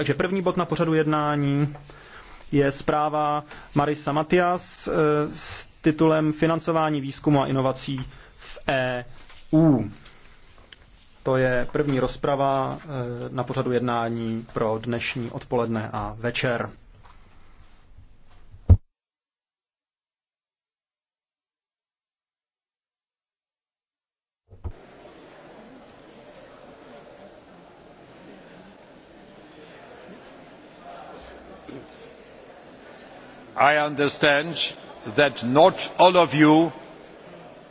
Takže první bod na pořadu jednání je zpráva Marisa Matias eh, s titulem Financování výzkumu a inovací v EU. To je první rozprava eh, na pořadu jednání pro dnešní odpoledne a večer. I understand that not all of you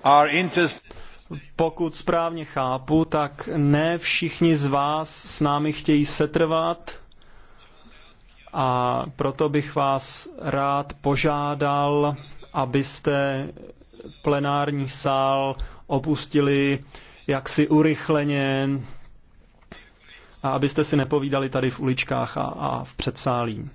are interested. Pokud správně chápu, tak ne všichni z vás s námi chtějí setrvat a proto bych vás rád požádal, abyste plenární sál opustili jaksi urychleně a abyste si nepovídali tady v uličkách a, a v předsálí.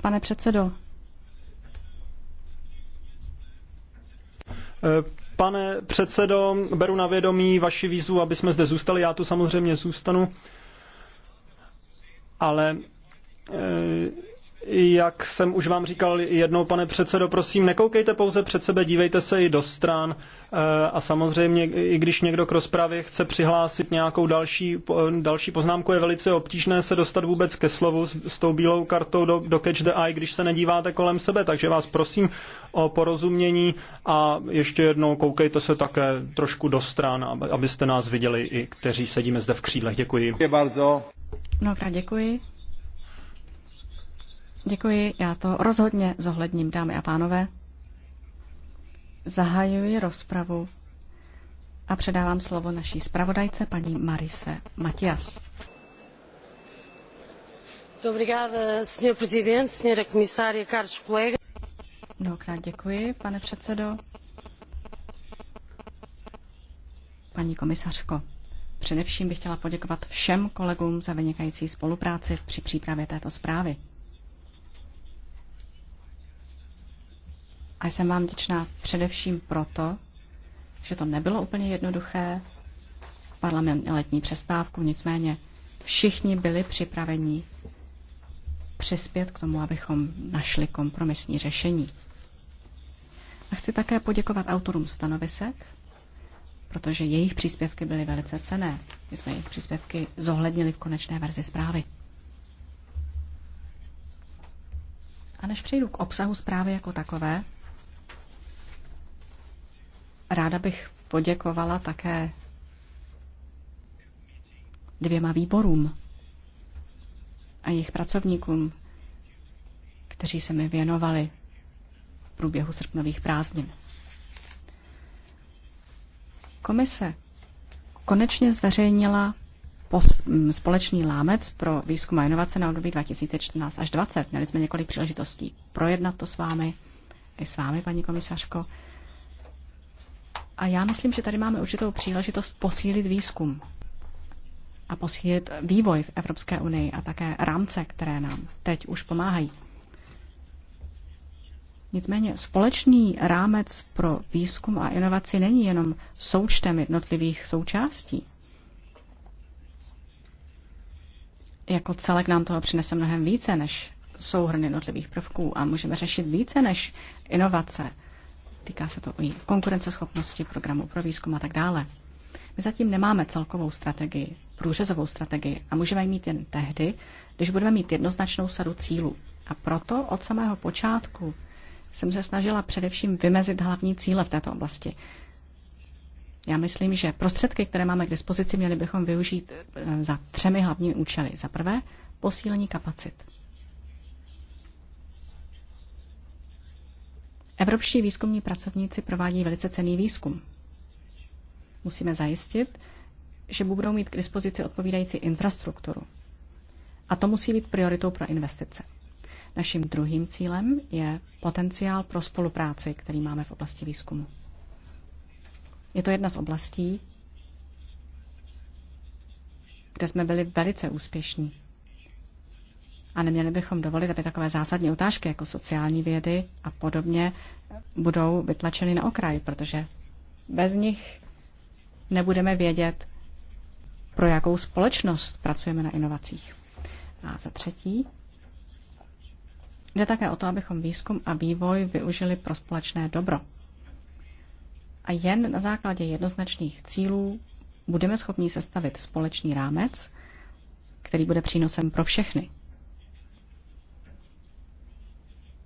Pane předsedo. Eh, pane předsedo, beru na vědomí vaši výzvu, aby jsme zde zůstali. Já tu samozřejmě zůstanu, ale eh, jak jsem už vám říkal jednou, pane předsedo, prosím, nekoukejte pouze před sebe, dívejte se i do stran eh, a samozřejmě, i když někdo k rozpravě chce přihlásit nějakou další, další poznámku, je velice obtížné se dostat vůbec ke slovu s, s tou bílou kartou do, do Catch the Eye, když se nedíváte kolem sebe, takže vás prosím o porozumění a ještě jednou koukejte se také trošku do stran, abyste nás viděli i kteří sedíme zde v křídlech. Děkuji. Děkuji bardzo. Mnohokrát děkuji. Děkuji, já to rozhodně zohledním, dámy a pánové. Zahajuji rozpravu a předávám slovo naší zpravodajce paní Marise Matias. Mnohokrát děkuji, pane předsedo. Paní komisařko, především bych chtěla poděkovat všem kolegům za vynikající spolupráci při přípravě této zprávy. A jsem vám vděčná především proto, že to nebylo úplně jednoduché, parlament letní přestávku, nicméně všichni byli připraveni přispět k tomu, abychom našli kompromisní řešení. A chci také poděkovat autorům stanovisek, protože jejich příspěvky byly velice cené. My jsme jejich příspěvky zohlednili v konečné verzi zprávy. A než přejdu k obsahu zprávy jako takové, Ráda bych poděkovala také dvěma výborům a jejich pracovníkům, kteří se mi věnovali v průběhu srpnových prázdnin. Komise konečně zveřejnila společný lámec pro výzkum a inovace na období 2014 až 2020. Měli jsme několik příležitostí projednat to s vámi, i s vámi, paní komisařko. A já myslím, že tady máme určitou příležitost posílit výzkum a posílit vývoj v Evropské unii a také rámce, které nám teď už pomáhají. Nicméně společný rámec pro výzkum a inovaci není jenom součtem jednotlivých součástí. Jako celek nám toho přinese mnohem více než souhrn jednotlivých prvků a můžeme řešit více než inovace – Týká se to i konkurenceschopnosti programu pro výzkum a tak dále. My zatím nemáme celkovou strategii, průřezovou strategii a můžeme ji mít jen tehdy, když budeme mít jednoznačnou sadu cílů. A proto od samého počátku jsem se snažila především vymezit hlavní cíle v této oblasti. Já myslím, že prostředky, které máme k dispozici, měli bychom využít eh, za třemi hlavními účely. Za prvé, posílení kapacit. Evropští výzkumní pracovníci provádí velice cený výzkum. Musíme zajistit, že budou mít k dispozici odpovídající infrastrukturu. A to musí být prioritou pro investice. Naším druhým cílem je potenciál pro spolupráci, který máme v oblasti výzkumu. Je to jedna z oblastí, kde jsme byli velice úspěšní a neměli bychom dovolit, aby takové zásadní otázky jako sociální vědy a podobně budou vytlačeny na okraj, protože bez nich nebudeme vědět, pro jakou společnost pracujeme na inovacích. A za třetí, jde také o to, abychom výzkum a vývoj využili pro společné dobro. A jen na základě jednoznačných cílů budeme schopni sestavit společný rámec, který bude přínosem pro všechny,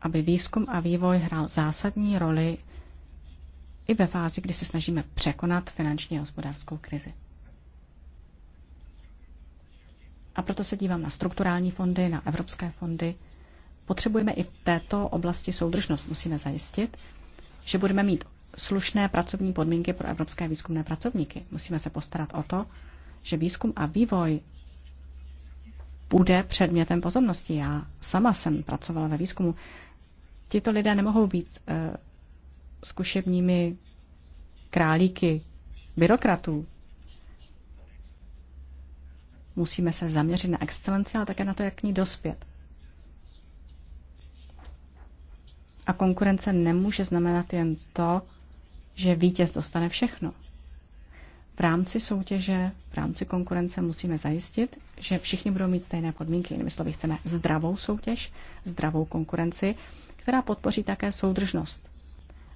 aby výzkum a vývoj hrál zásadní roli i ve fázi, kdy se snažíme překonat finanční a hospodářskou krizi. A proto se dívám na strukturální fondy, na evropské fondy. Potřebujeme i v této oblasti soudržnost. Musíme zajistit, že budeme mít slušné pracovní podmínky pro evropské výzkumné pracovníky. Musíme se postarat o to, že výzkum a vývoj bude předmětem pozornosti. Já sama jsem pracovala ve výzkumu. Tito lidé nemohou být uh, zkušebními králíky byrokratů. Musíme se zaměřit na excelenci, ale také na to, jak k ní dospět. A konkurence nemůže znamenat jen to, že vítěz dostane všechno. V rámci soutěže, v rámci konkurence musíme zajistit, že všichni budou mít stejné podmínky. Jinými slovy, chceme zdravou soutěž, zdravou konkurenci která podpoří také soudržnost.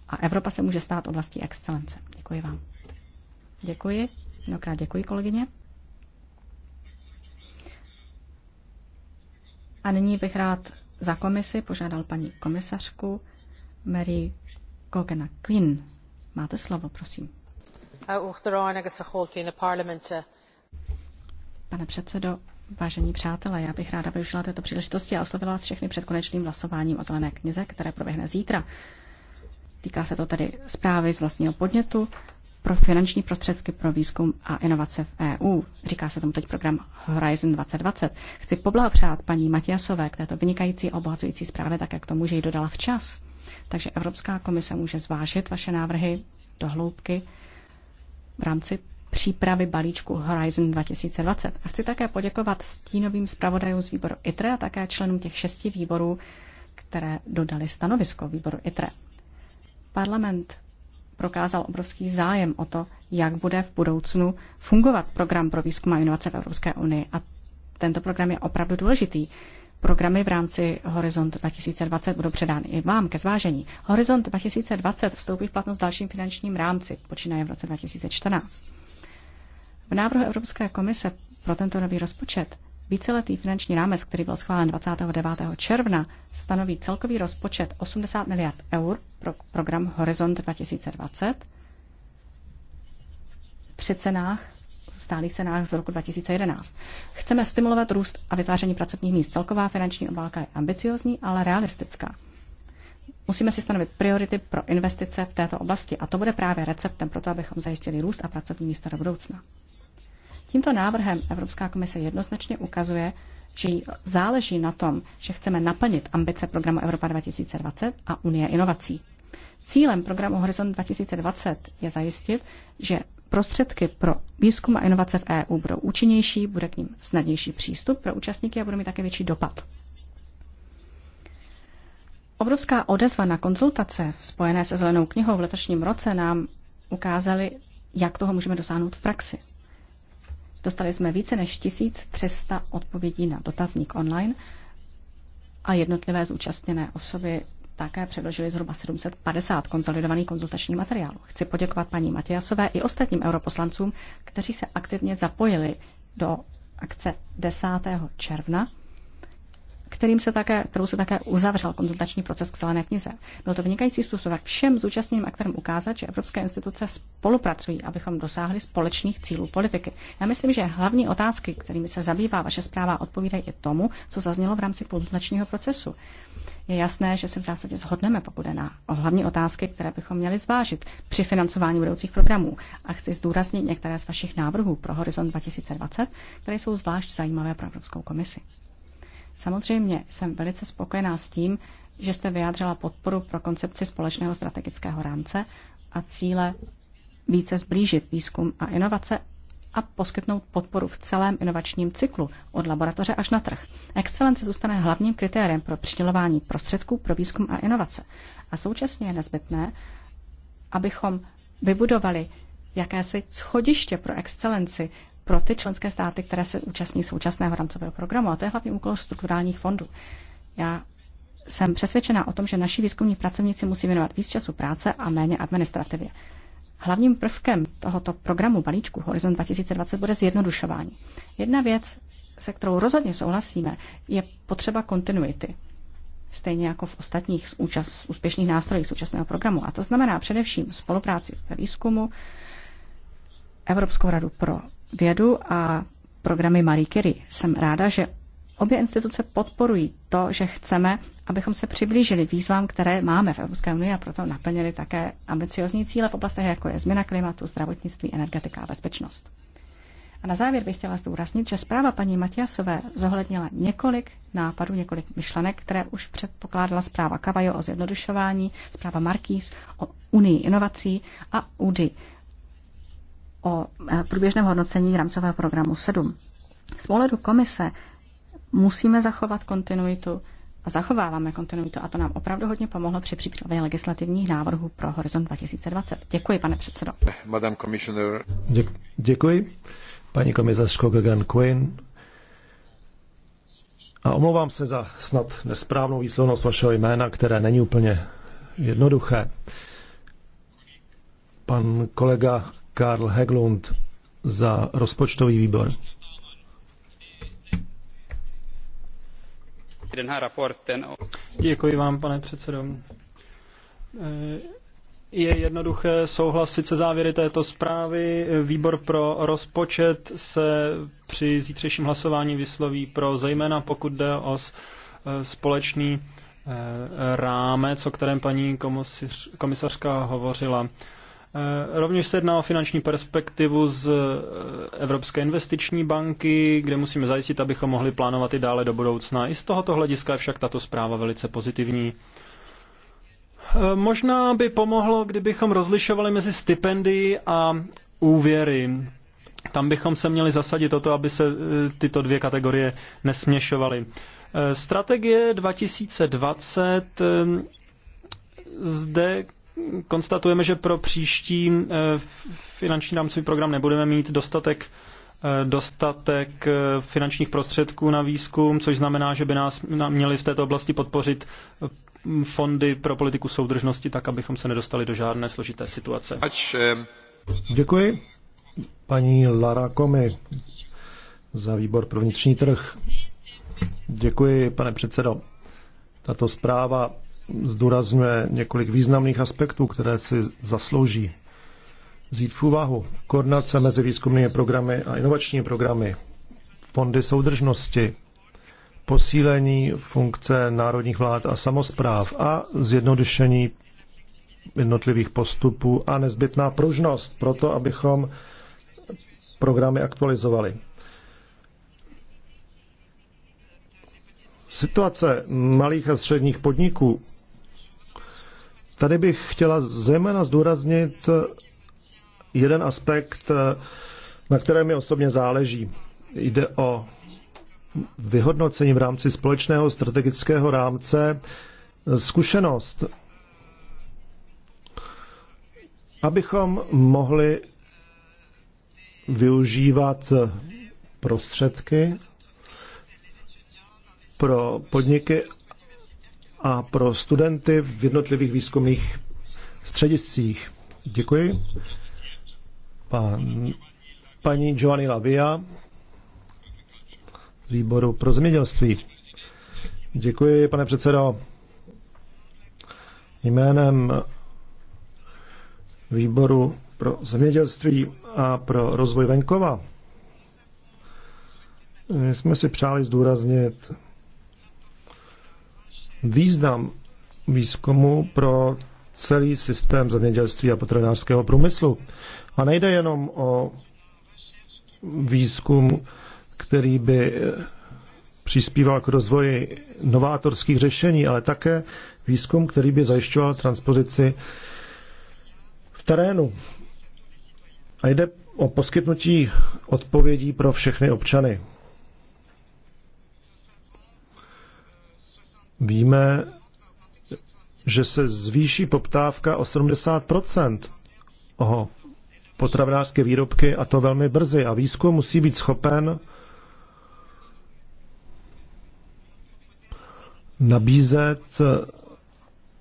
A Evropa se může stát oblastí excelence. Děkuji vám. Děkuji. Mnohokrát děkuji, kolegyně. A nyní bych rád za komisi požádal paní komisařku Mary Kogena Quinn. Máte slovo, prosím. Pane předsedo, Vážení přátelé, já bych ráda využila této příležitosti a oslovila vás všechny před konečným hlasováním o zelené knize, které proběhne zítra. Týká se to tedy zprávy z vlastního podnětu pro finanční prostředky pro výzkum a inovace v EU. Říká se tomu teď program Horizon 2020. Chci poblahopřát paní Matiasové k této vynikající a obohacující zprávě, tak jak tomu, že ji dodala včas. Takže Evropská komise může zvážit vaše návrhy do hloubky v rámci přípravy balíčku Horizon 2020. A chci také poděkovat stínovým zpravodajům z výboru ITRE a také členům těch šesti výborů, které dodali stanovisko výboru ITRE. Parlament prokázal obrovský zájem o to, jak bude v budoucnu fungovat program pro výzkum a inovace v Evropské unii. A tento program je opravdu důležitý. Programy v rámci Horizont 2020 budou předány i vám ke zvážení. Horizont 2020 vstoupí v platnost dalším finančním rámci, počínaje v roce 2014. V návrhu Evropské komise pro tento nový rozpočet víceletý finanční rámec, který byl schválen 29. června, stanoví celkový rozpočet 80 miliard eur pro program Horizont 2020 při cenách stálých cenách z roku 2011. Chceme stimulovat růst a vytváření pracovních míst. Celková finanční obálka je ambiciozní, ale realistická. Musíme si stanovit priority pro investice v této oblasti a to bude právě receptem pro to, abychom zajistili růst a pracovní místa do budoucna. Tímto návrhem Evropská komise jednoznačně ukazuje, že jí záleží na tom, že chceme naplnit ambice programu Evropa 2020 a Unie inovací. Cílem programu Horizon 2020 je zajistit, že prostředky pro výzkum a inovace v EU budou účinnější, bude k ním snadnější přístup pro účastníky a bude mít také větší dopad. Obrovská odezva na konzultace spojené se zelenou knihou v letošním roce nám ukázaly, jak toho můžeme dosáhnout v praxi. Dostali jsme více než 1300 odpovědí na dotazník online a jednotlivé zúčastněné osoby také předložili zhruba 750 konsolidovaných konzultačních materiálů. Chci poděkovat paní Matiasové i ostatním europoslancům, kteří se aktivně zapojili do akce 10. června kterým se také, kterou se také uzavřel konzultační proces k zelené knize. Byl to vynikající způsob, jak všem zúčastněným aktorům ukázat, že evropské instituce spolupracují, abychom dosáhli společných cílů politiky. Já myslím, že hlavní otázky, kterými se zabývá vaše zpráva, odpovídají i tomu, co zaznělo v rámci konzultačního procesu. Je jasné, že se v zásadě shodneme, pokud je na o hlavní otázky, které bychom měli zvážit při financování budoucích programů. A chci zdůraznit některé z vašich návrhů pro Horizon 2020, které jsou zvlášť zajímavé pro Evropskou komisi. Samozřejmě jsem velice spokojená s tím, že jste vyjádřila podporu pro koncepci společného strategického rámce a cíle více zblížit výzkum a inovace a poskytnout podporu v celém inovačním cyklu, od laboratoře až na trh. Excelence zůstane hlavním kritériem pro přidělování prostředků pro výzkum a inovace. A současně je nezbytné, abychom vybudovali jakési schodiště pro excelenci pro ty členské státy, které se účastní současného rámcového programu. A to je hlavně úkol strukturálních fondů. Já jsem přesvědčená o tom, že naši výzkumní pracovníci musí věnovat víc času práce a méně administrativě. Hlavním prvkem tohoto programu balíčku Horizon 2020 bude zjednodušování. Jedna věc, se kterou rozhodně souhlasíme, je potřeba kontinuity. Stejně jako v ostatních účast, úspěšných nástrojích současného programu. A to znamená především spolupráci ve výzkumu, Evropskou radu pro vědu a programy Marie Curie. Jsem ráda, že obě instituce podporují to, že chceme, abychom se přiblížili výzvám, které máme v Evropské unii a proto naplnili také ambiciozní cíle v oblastech, jako je změna klimatu, zdravotnictví, energetika a bezpečnost. A na závěr bych chtěla zdůraznit, že zpráva paní Matiasové zohlednila několik nápadů, několik myšlenek, které už předpokládala zpráva Kavajo o zjednodušování, zpráva Markýz o unii inovací a UDI, o eh, průběžném hodnocení rámcového programu 7. Z pohledu komise musíme zachovat kontinuitu a zachováváme kontinuitu a to nám opravdu hodně pomohlo při přípravě legislativních návrhů pro Horizon 2020. Děkuji, pane předsedo. Madam Commissioner. Dě- děkuji. Paní komisařko Gagan Quinn. A omlouvám se za snad nesprávnou výslovnost vašeho jména, které není úplně jednoduché. Pan kolega Karl Heglund za rozpočtový výbor. Děkuji vám, pane předsedo. Je jednoduché souhlasit se závěry této zprávy. Výbor pro rozpočet se při zítřejším hlasování vysloví pro, zejména pokud jde o eh, společný eh, rámec, o kterém paní komisařka hovořila. Eh, rovněž se jedná o finanční perspektivu z eh, Evropské investiční banky, kde musíme zajistit, abychom mohli plánovat i dále do budoucna. I z tohoto hlediska je však tato zpráva velice pozitivní. Eh, možná by pomohlo, kdybychom rozlišovali mezi stipendii a úvěry. Tam bychom se měli zasadit o to, aby se tyto dvě kategorie nesměšovaly. Strategie 2020 zde konstatujeme, že pro příští eh, finanční rámcový program nebudeme mít dostatek eh, dostatek eh, finančních prostředků na výzkum, což znamená, že by nás měli v této oblasti podpořit fondy pro politiku soudržnosti, tak abychom se nedostali do žádné složité situace. Děkuji. Paní Lara Komi za výbor pro vnitřní trh. Děkuji, pane předsedo. Tato zpráva zdůrazňuje několik významných aspektů, které si zaslouží vzít v úvahu. Koordinace mezi výzkumnými programy a inovačními programy, fondy soudržnosti, posílení funkce národních vlád a samozpráv a zjednodušení jednotlivých postupů a nezbytná pružnost pro to, abychom programy aktualizovali. Situace malých a středních podniků Tady bych chtěla zejména zdůraznit jeden aspekt, na kterém mi osobně záleží. Jde o vyhodnocení v rámci společného strategického rámce zkušenost, abychom mohli využívat prostředky pro podniky a pro studenty v jednotlivých výzkumných střediscích. Děkuji. Pan, paní Giovanni Lavia z výboru pro zemědělství. Děkuji, pane předsedo. Jménem výboru pro zemědělství a pro rozvoj venkova. My jsme si přáli zdůraznit význam výzkumu pro celý systém zemědělství a potravinářského průmyslu. A nejde jenom o výzkum, který by eh, přispíval k rozvoji novátorských řešení, ale také výzkum, který by zajišťoval transpozici v terénu. A jde o poskytnutí odpovědí pro všechny občany. víme, že se zvýší poptávka o 70 o potravinářské výrobky a to velmi brzy. A výzkum musí být schopen nabízet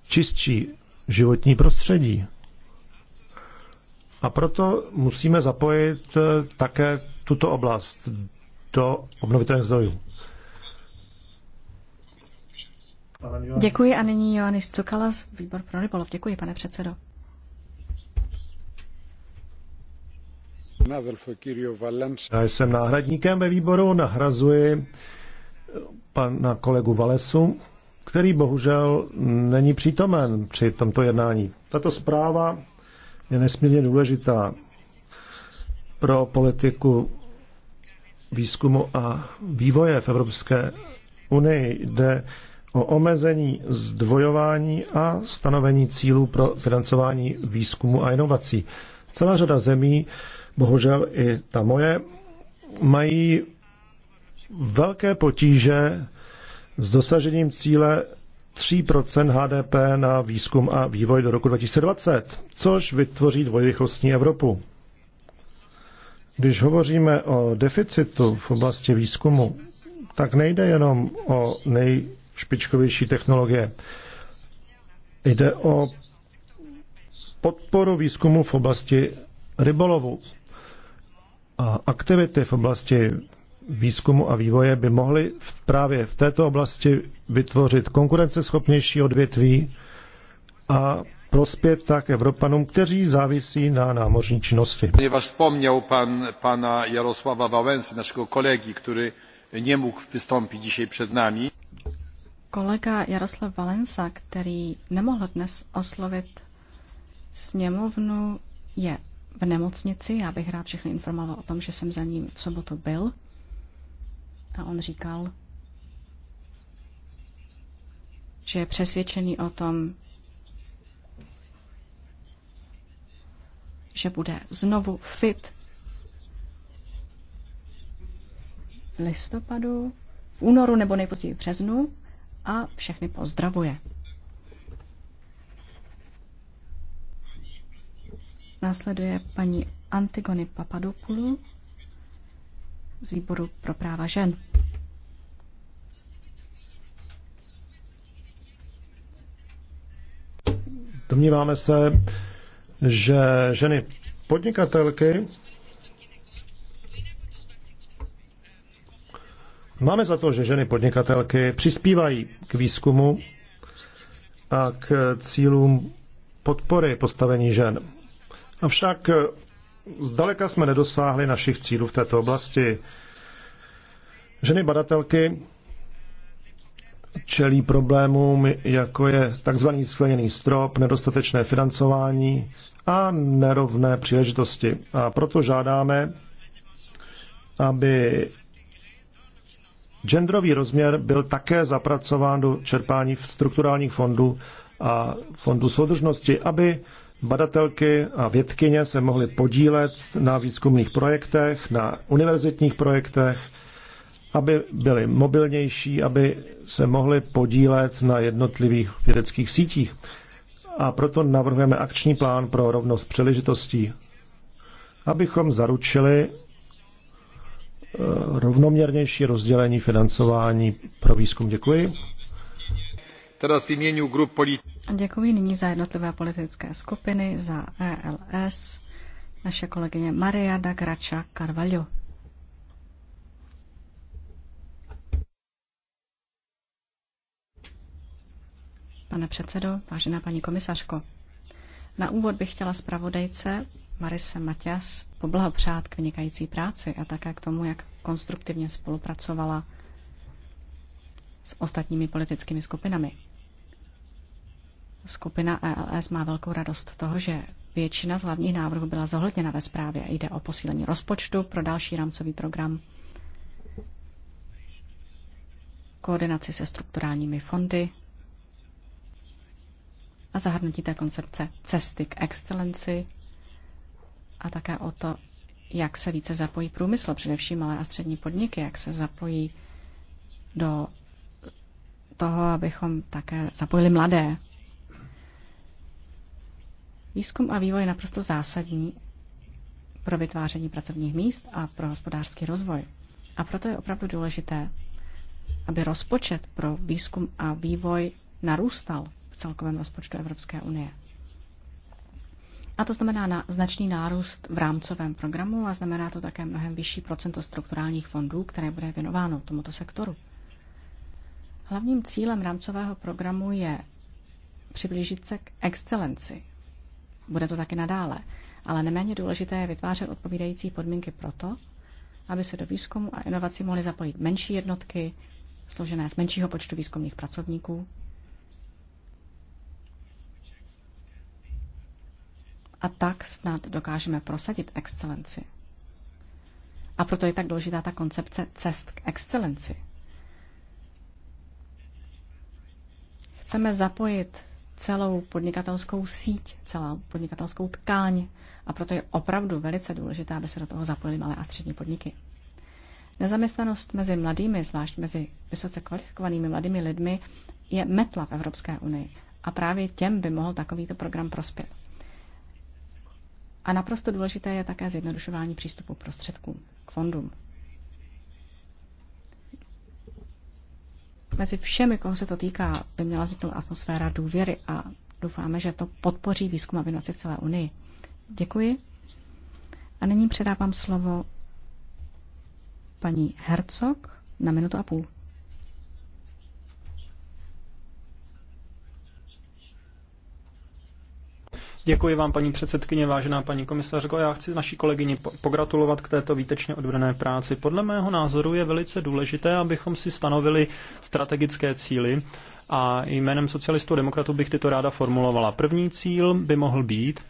čistší životní prostředí. A proto musíme zapojit také tuto oblast do obnovitelných zdrojů. Děkuji a nyní Joannis Cukalas, výbor pro rybolov. Děkuji, pane předsedo. Já jsem náhradníkem ve výboru, nahrazuji pana kolegu Valesu, který bohužel není přítomen při tomto jednání. Tato zpráva je nesmírně důležitá pro politiku výzkumu a vývoje v Evropské unii. Jde o omezení zdvojování a stanovení cílů pro financování výzkumu a inovací. Celá řada zemí, bohužel i ta moje, mají velké potíže s dosažením cíle 3 HDP na výzkum a vývoj do roku 2020, což vytvoří dvojrychlostní Evropu. Když hovoříme o deficitu v oblasti výzkumu, tak nejde jenom o nej špičkovější technologie. Jde o podporu výzkumu v oblasti rybolovu. A aktivity v oblasti výzkumu a vývoje by mohly v, právě v této oblasti vytvořit konkurenceschopnější odvětví a prospět tak Evropanům, kteří závisí na námořní činnosti. Ponieważ vzpomněl pan pana Jaroslava Wałęsy, našeho kolegy, který nemohl vystoupit dnes dzisiaj námi. Kolega Jaroslav Valensa, který nemohl dnes oslovit sněmovnu, je v nemocnici. Já bych rád všechny informoval o tom, že jsem za ním v sobotu byl. A on říkal, že je přesvědčený o tom, že bude znovu fit v listopadu, v únoru nebo nejpozději v březnu a všechny pozdravuje. Následuje paní Antigony Papadopoulou z výboru pro práva žen. Domníváme se, že ženy podnikatelky Máme za to, že ženy podnikatelky přispívají k výzkumu a k cílům podpory postavení žen. Avšak zdaleka jsme nedosáhli našich cílů v této oblasti. Ženy badatelky čelí problémům, jako je tzv. skleněný strop, nedostatečné financování a nerovné příležitosti. A proto žádáme, aby Genderový rozměr byl také zapracován do čerpání v strukturálních fondů a fondů soudržnosti, aby badatelky a vědkyně se mohly podílet na výzkumných projektech, na univerzitních projektech, aby byly mobilnější, aby se mohly podílet na jednotlivých vědeckých sítích. A proto navrhujeme akční plán pro rovnost příležitostí, abychom zaručili, Eh, rovnoměrnější rozdělení financování pro výzkum. Děkuji. Teda v jménu grup politi- Děkuji nyní za jednotlivé politické skupiny, za ELS, naše kolegyně Maria da Grača Carvalho. Pane předsedo, vážená paní komisařko, na úvod bych chtěla zpravodajce Marise Matias poblahopřát k vynikající práci a také k tomu, jak konstruktivně spolupracovala s ostatními politickými skupinami. Skupina ELS má velkou radost toho, že většina z hlavních návrhů byla zohledněna ve zprávě. Jde o posílení rozpočtu pro další rámcový program, koordinaci se strukturálními fondy a zahrnutí té koncepce cesty k excelenci a také o to, jak se více zapojí průmysl, především malé a střední podniky, jak se zapojí do toho, abychom také zapojili mladé. Výzkum a vývoj je naprosto zásadní pro vytváření pracovních míst a pro hospodářský rozvoj. A proto je opravdu důležité, aby rozpočet pro výzkum a vývoj narůstal v celkovém rozpočtu Evropské unie. A to znamená na značný nárůst v rámcovém programu a znamená to také mnohem vyšší procento strukturálních fondů, které bude věnováno tomuto sektoru. Hlavním cílem rámcového programu je přiblížit se k excelenci. Bude to taky nadále, ale neméně důležité je vytvářet odpovídající podmínky pro to, aby se do výzkumu a inovací mohly zapojit menší jednotky, složené z menšího počtu výzkumných pracovníků, a tak snad dokážeme prosadit excelenci. A proto je tak důležitá ta koncepce cest k excelenci. Chceme zapojit celou podnikatelskou síť, celou podnikatelskou tkáň a proto je opravdu velice důležité, aby se do toho zapojili malé a střední podniky. Nezaměstnanost mezi mladými, zvlášť mezi vysoce kvalifikovanými mladými lidmi, je metla v Evropské unii a právě těm by mohl takovýto program prospět. A naprosto důležité je také zjednodušování přístupu prostředků k fondům. Mezi všemi, koho se to týká, by měla vzniknout atmosféra důvěry a doufáme, že to podpoří výzkum a vynoci v celé Unii. Děkuji. A nyní předávám slovo paní Hercog na minutu a půl. Děkuji vám, paní předsedkyně, vážená paní komisařko. Já chci naší kolegyni pogratulovat k této výtečně odvedené práci. Podle mého názoru je velice důležité, abychom si stanovili strategické cíly a jménem socialistů a demokratů bych tyto ráda formulovala. První cíl by mohl být,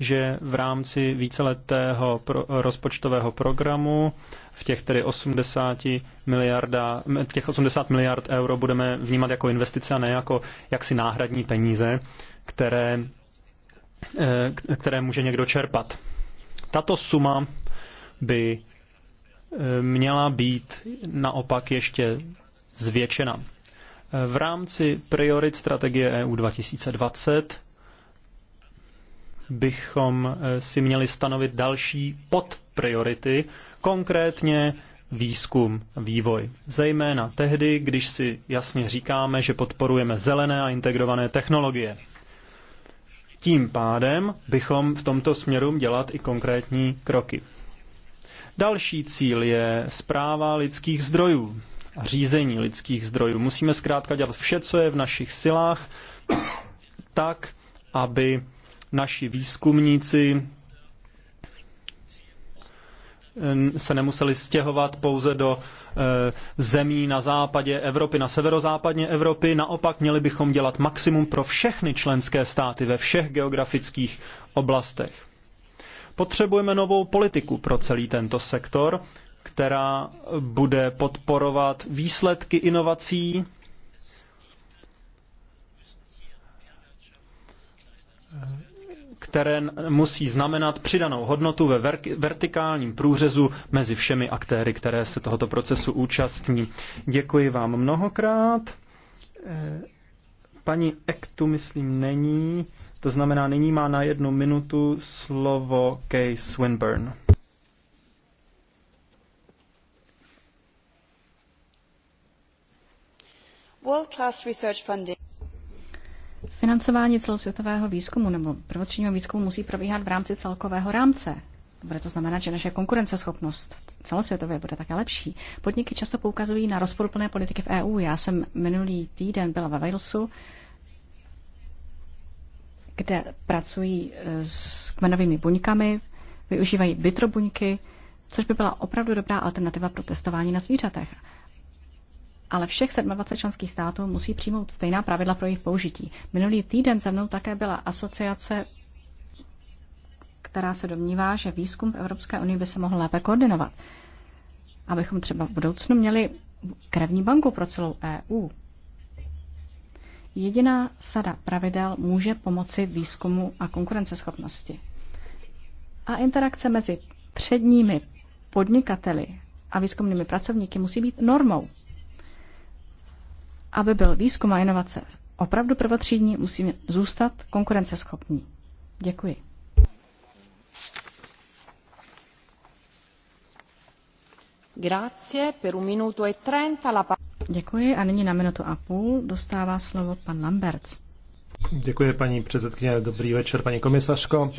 že v rámci víceletého pro, rozpočtového programu v těch tedy 80 miliarda, těch 80 miliard euro budeme vnímat jako investice a ne jako jaksi náhradní peníze, které Eh, které může někdo čerpat. Tato suma by eh, měla být naopak ještě zvětšena. Eh, v rámci priorit strategie EU 2020 bychom si měli stanovit další podpriority, konkrétně výzkum, vývoj. Zejména tehdy, když si jasně říkáme, že podporujeme zelené a integrované technologie. Tím pádem bychom v tomto směru dělat i konkrétní kroky. Další cíl je zpráva lidských zdrojů a řízení lidských zdrojů. Musíme zkrátka dělat vše, co je v našich silách, tak, aby naši výzkumníci, se nemuseli stěhovat pouze do e, zemí na západě Evropy, na severozápadně Evropy. Naopak měli bychom dělat maximum pro všechny členské státy ve všech geografických oblastech. Potřebujeme novou politiku pro celý tento sektor, která bude podporovat výsledky inovací, které musí znamenat přidanou hodnotu ve vertikálním průřezu mezi všemi aktéry, které se tohoto procesu účastní. Děkuji vám mnohokrát. Eh, paní Ektu, myslím, není. To znamená, nyní má na jednu minutu slovo Kay Swinburne. World class research funding. Financování celosvětového výzkumu nebo prvotřídního výzkumu musí probíhat v rámci celkového rámce. Bude to znamenat, že naše konkurenceschopnost celosvětově bude také lepší. Podniky často poukazují na rozporuplné politiky v EU. Já jsem minulý týden byla ve Walesu, kde pracují eh, s kmenovými buňkami, využívají vitrobuňky, což by byla opravdu dobrá alternativa pro testování na zvířatech ale všech 27 členských států musí přijmout stejná pravidla pro jejich použití. Minulý týden se mnou také byla asociace, která se domnívá, že výzkum v Evropské unii by se mohl lépe koordinovat. Abychom třeba v budoucnu měli krevní banku pro celou EU. Jediná sada pravidel může pomoci výzkumu a konkurenceschopnosti. A interakce mezi předními podnikateli a výzkumnými pracovníky musí být normou. Aby byl výzkum a inovace opravdu prvotřídní, musíme zůstat konkurenceschopní. Děkuji. Grazie per un minuto e trenta la Děkuji a nyní na minutu a půl dostává slovo pan Lamberts. Děkuji, paní předsedkyně. Dobrý večer, paní komisařko.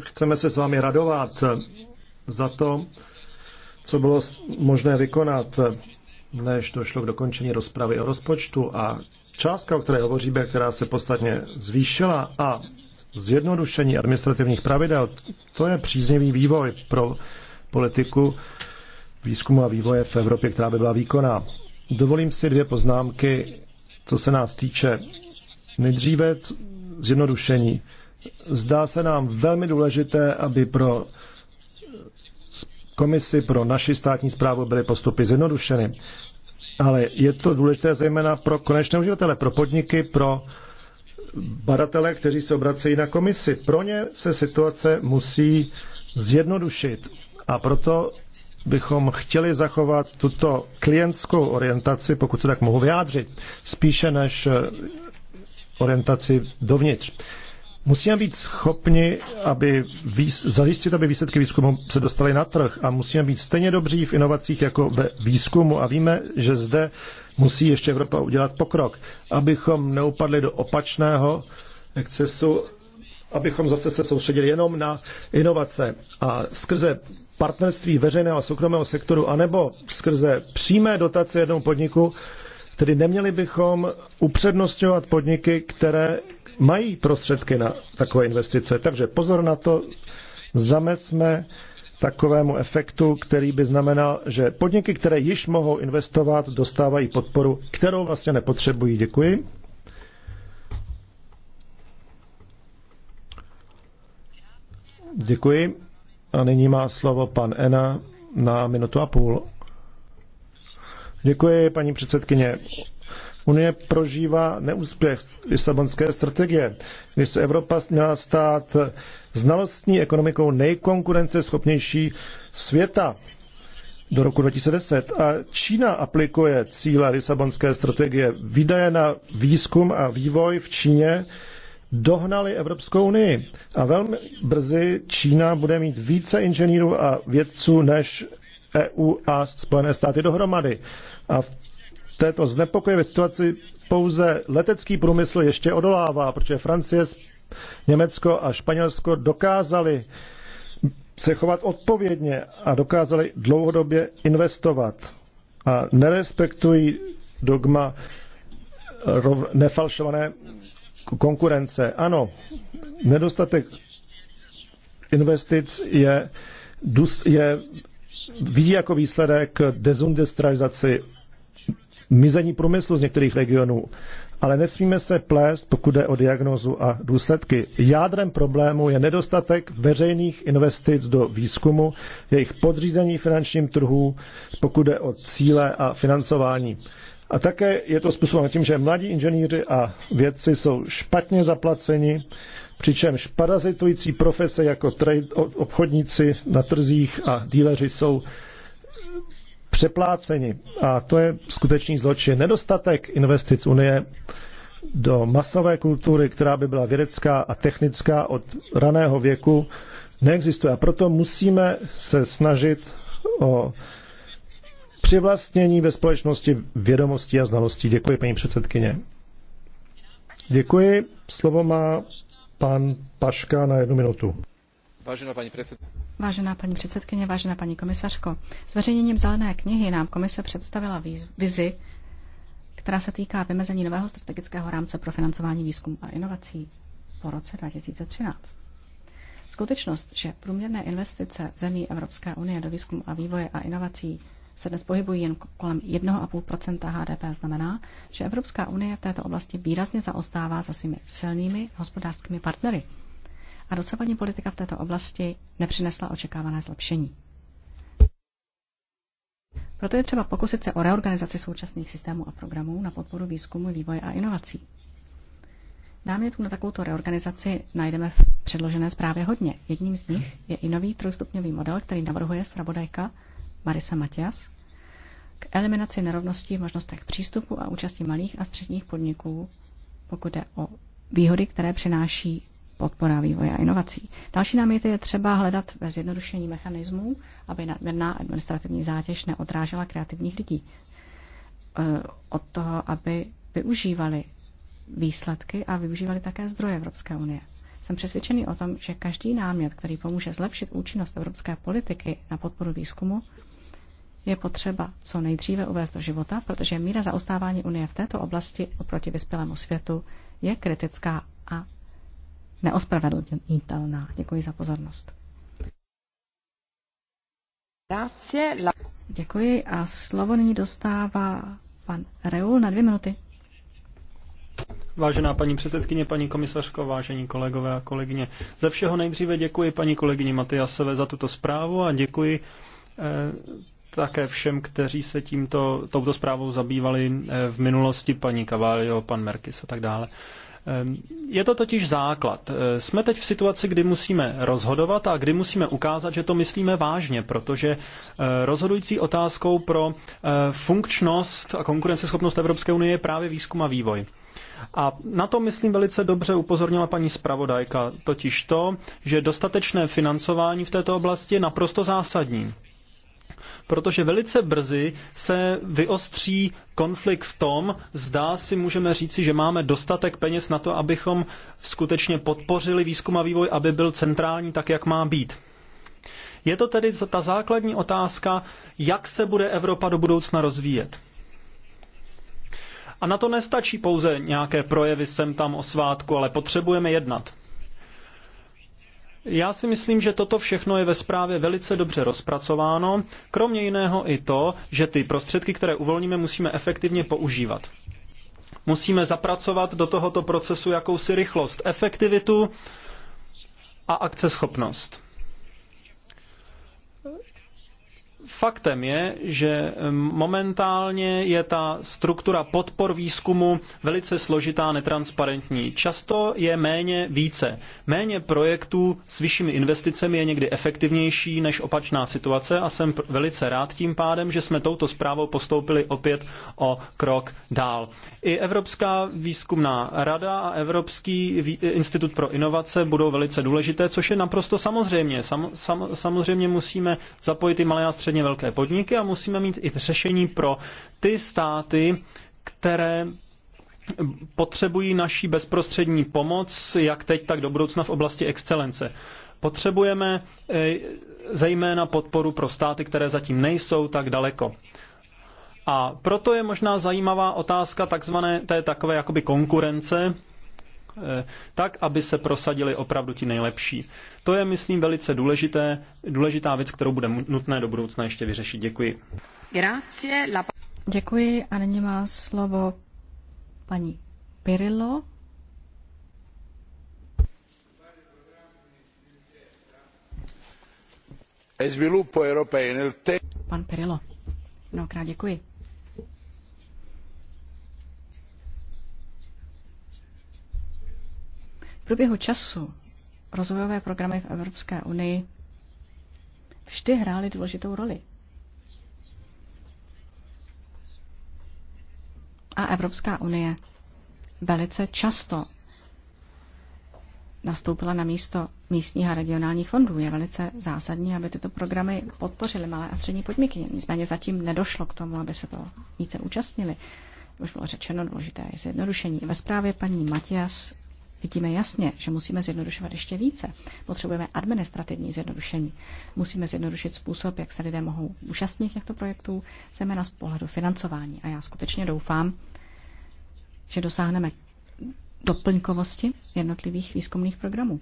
Chceme se s vámi radovat za to, co bylo možné vykonat než došlo k dokončení rozpravy o rozpočtu a částka, o které hovoříme, která se podstatně zvýšila a zjednodušení administrativních pravidel, to je příznivý vývoj pro politiku výzkumu a vývoje v Evropě, která by byla výkonná. Dovolím si dvě poznámky, co se nás týče. Nejdříve zjednodušení. Zdá se nám velmi důležité, aby pro komisi pro naši státní zprávu byly postupy zjednodušeny. Ale je to důležité zejména pro konečné uživatele, pro podniky, pro badatele, kteří se obracejí na komisi. Pro ně se situace musí zjednodušit a proto bychom chtěli zachovat tuto klientskou orientaci, pokud se tak mohu vyjádřit, spíše než orientaci dovnitř. Musíme být schopni, aby výs- zajistit, aby výsledky výzkumu se dostaly na trh a musíme být stejně dobří v inovacích jako ve výzkumu a víme, že zde musí ještě Evropa udělat pokrok, abychom neupadli do opačného excesu, abychom zase se soustředili jenom na inovace a skrze partnerství veřejného a soukromého sektoru anebo skrze přímé dotace jednou podniku, tedy neměli bychom upřednostňovat podniky, které mají prostředky na takové investice. Takže pozor na to, zamezme takovému efektu, který by znamenal, že podniky, které již mohou investovat, dostávají podporu, kterou vlastně nepotřebují. Děkuji. Děkuji. A nyní má slovo pan Ena na minutu a půl. Děkuji, paní předsedkyně. Unie prožívá neúspěch Lisabonské strategie, když se Evropa měla stát znalostní ekonomikou nejkonkurenceschopnější světa do roku 2010. A Čína aplikuje cíle Lisabonské strategie. Výdaje na výzkum a vývoj v Číně dohnali Evropskou unii. A velmi brzy Čína bude mít více inženýrů a vědců než EU a Spojené státy dohromady. A v této znepokojivé situaci pouze letecký průmysl ještě odolává, protože Francie, Německo a Španělsko dokázali se chovat odpovědně a dokázali dlouhodobě investovat a nerespektují dogma rov, nefalšované konkurence. Ano, nedostatek investic je, je vidí jako výsledek dezindustrializaci mizení průmyslu z některých regionů. Ale nesmíme se plést, pokud jde o diagnózu a důsledky. Jádrem problému je nedostatek veřejných investic do výzkumu, jejich podřízení finančním trhu, pokud jde o cíle a financování. A také je to způsobeno tím, že mladí inženýři a vědci jsou špatně zaplaceni, přičemž parazitující profese jako trade, obchodníci na trzích a díleři jsou přepláceni. A to je skutečný zločin. Nedostatek investic Unie do masové kultury, která by byla vědecká a technická od raného věku, neexistuje. A proto musíme se snažit o přivlastnění ve společnosti vědomostí a znalostí. Děkuji, paní předsedkyně. Děkuji. Slovo má pan Paška na jednu minutu. Vážená paní předsedkyně Vážená paní předsedkyně, vážená paní komisařko, zveřejněním zelené knihy nám komise představila vizi, která se týká vymezení nového strategického rámce pro financování výzkumu a inovací po roce 2013. Skutečnost, že průměrné investice zemí Evropské unie do výzkumu a vývoje a inovací se dnes pohybují jen kolem 1,5 HDP, znamená, že Evropská unie v této oblasti výrazně zaostává za svými silnými hospodářskými partnery, a dosavadní politika v této oblasti nepřinesla očekávané zlepšení. Proto je třeba pokusit se o reorganizaci současných systémů a programů na podporu výzkumu, vývoje a inovací. Námětů na takovouto reorganizaci najdeme v předložené zprávě hodně. Jedním z nich je i nový trojstupňový model, který navrhuje zpravodajka Marisa Matias k eliminaci nerovností v možnostech přístupu a účasti malých a středních podniků, pokud jde o výhody, které přináší podpora vývoje a inovací. Další náměty je třeba hledat ve zjednodušení mechanismů, aby nadměrná administrativní zátěž neodrážela kreativních lidí. E, od toho, aby využívali výsledky a využívali také zdroje Evropské unie. Jsem přesvědčený o tom, že každý námět, který pomůže zlepšit účinnost evropské politiky na podporu výzkumu, je potřeba co nejdříve uvést do života, protože míra zaostávání Unie v této oblasti oproti vyspělému světu je kritická a neospravedlnitelná. Děkuji za pozornost. Děkuji a slovo nyní dostává pan Reul na dvě minuty. Vážená paní předsedkyně, paní komisařko, vážení kolegové a kolegyně, ze všeho nejdříve děkuji paní kolegyni Matyasové za tuto zprávu a děkuji eh, také všem, kteří se tímto, touto zprávou zabývali eh, v minulosti, paní Cavalio, pan Merkis a tak dále. Eh, Ehm, je to totiž základ. Ehm, jsme teď v situaci, kdy musíme rozhodovat a kdy musíme ukázat, že to myslíme vážně, protože ehm, rozhodující otázkou pro funkčnost a konkurenceschopnost Evropské unie je právě výzkum a vývoj. A na to, myslím, velice dobře upozornila paní zpravodajka, totiž to, že dostatečné financování v této oblasti je naprosto zásadní protože velice brzy se vyostří konflikt v tom, zdá si můžeme říci, že máme dostatek peněz na to, abychom skutečně podpořili výzkum a vývoj, aby byl centrální tak, jak má být. Je to tedy ta základní otázka, jak se bude Evropa do budoucna rozvíjet. A na to nestačí pouze nějaké projevy sem tam o svátku, ale potřebujeme jednat. Já si myslím, že toto všechno je ve zprávě velice dobře rozpracováno, kromě jiného i to, že ty prostředky, které uvolníme, musíme efektivně používat. Musíme zapracovat do tohoto procesu jakousi rychlost, efektivitu a akceschopnost. Faktem je, že momentálně je ta struktura podpor výzkumu velice složitá, netransparentní. Často je méně více. Méně projektů s vyššími investicemi je někdy efektivnější než opačná situace a jsem velice rád tím pádem, že jsme touto zprávou postoupili opět o krok dál. I Evropská výzkumná rada a Evropský institut pro inovace budou velice důležité, což je naprosto samozřejmě. Sam, sam, samozřejmě musíme zapojit i malé a střední středně velké podniky a musíme mít i řešení pro ty státy, které potřebují naší bezprostřední pomoc, jak teď, tak do budoucna v oblasti excelence. Potřebujeme eh, zejména podporu pro státy, které zatím nejsou tak daleko. A proto je možná zajímavá otázka takzvané té takové jakoby konkurence Eh, tak, aby se prosadili opravdu ti nejlepší. To je, myslím, velice důležité, důležitá věc, kterou bude nutné do budoucna ještě vyřešit. Děkuji. Děkuji a nyní má slovo paní Pirillo. Pan Pirillo, mnohokrát děkuji. průběhu času rozvojové programy v Evropské unii vždy hrály důležitou roli. A Evropská unie velice často nastoupila na místo místních a regionálních fondů. Je velice zásadní, aby tyto programy podpořily malé a střední podniky. Nicméně zatím nedošlo k tomu, aby se to více účastnili. Už bylo řečeno, důležité je zjednodušení. Ve zprávě paní Matias vidíme jasně, že musíme zjednodušovat ještě více. Potřebujeme administrativní zjednodušení. Musíme zjednodušit způsob, jak se lidé mohou účastnit těchto projektů, zejména z pohledu financování. A já skutečně doufám, že dosáhneme doplňkovosti jednotlivých výzkumných programů.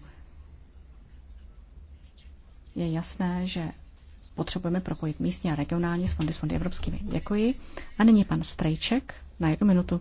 Je jasné, že potřebujeme propojit místní a regionální s fondy s fondy evropskými. Děkuji. A nyní pan Strejček na jednu minutu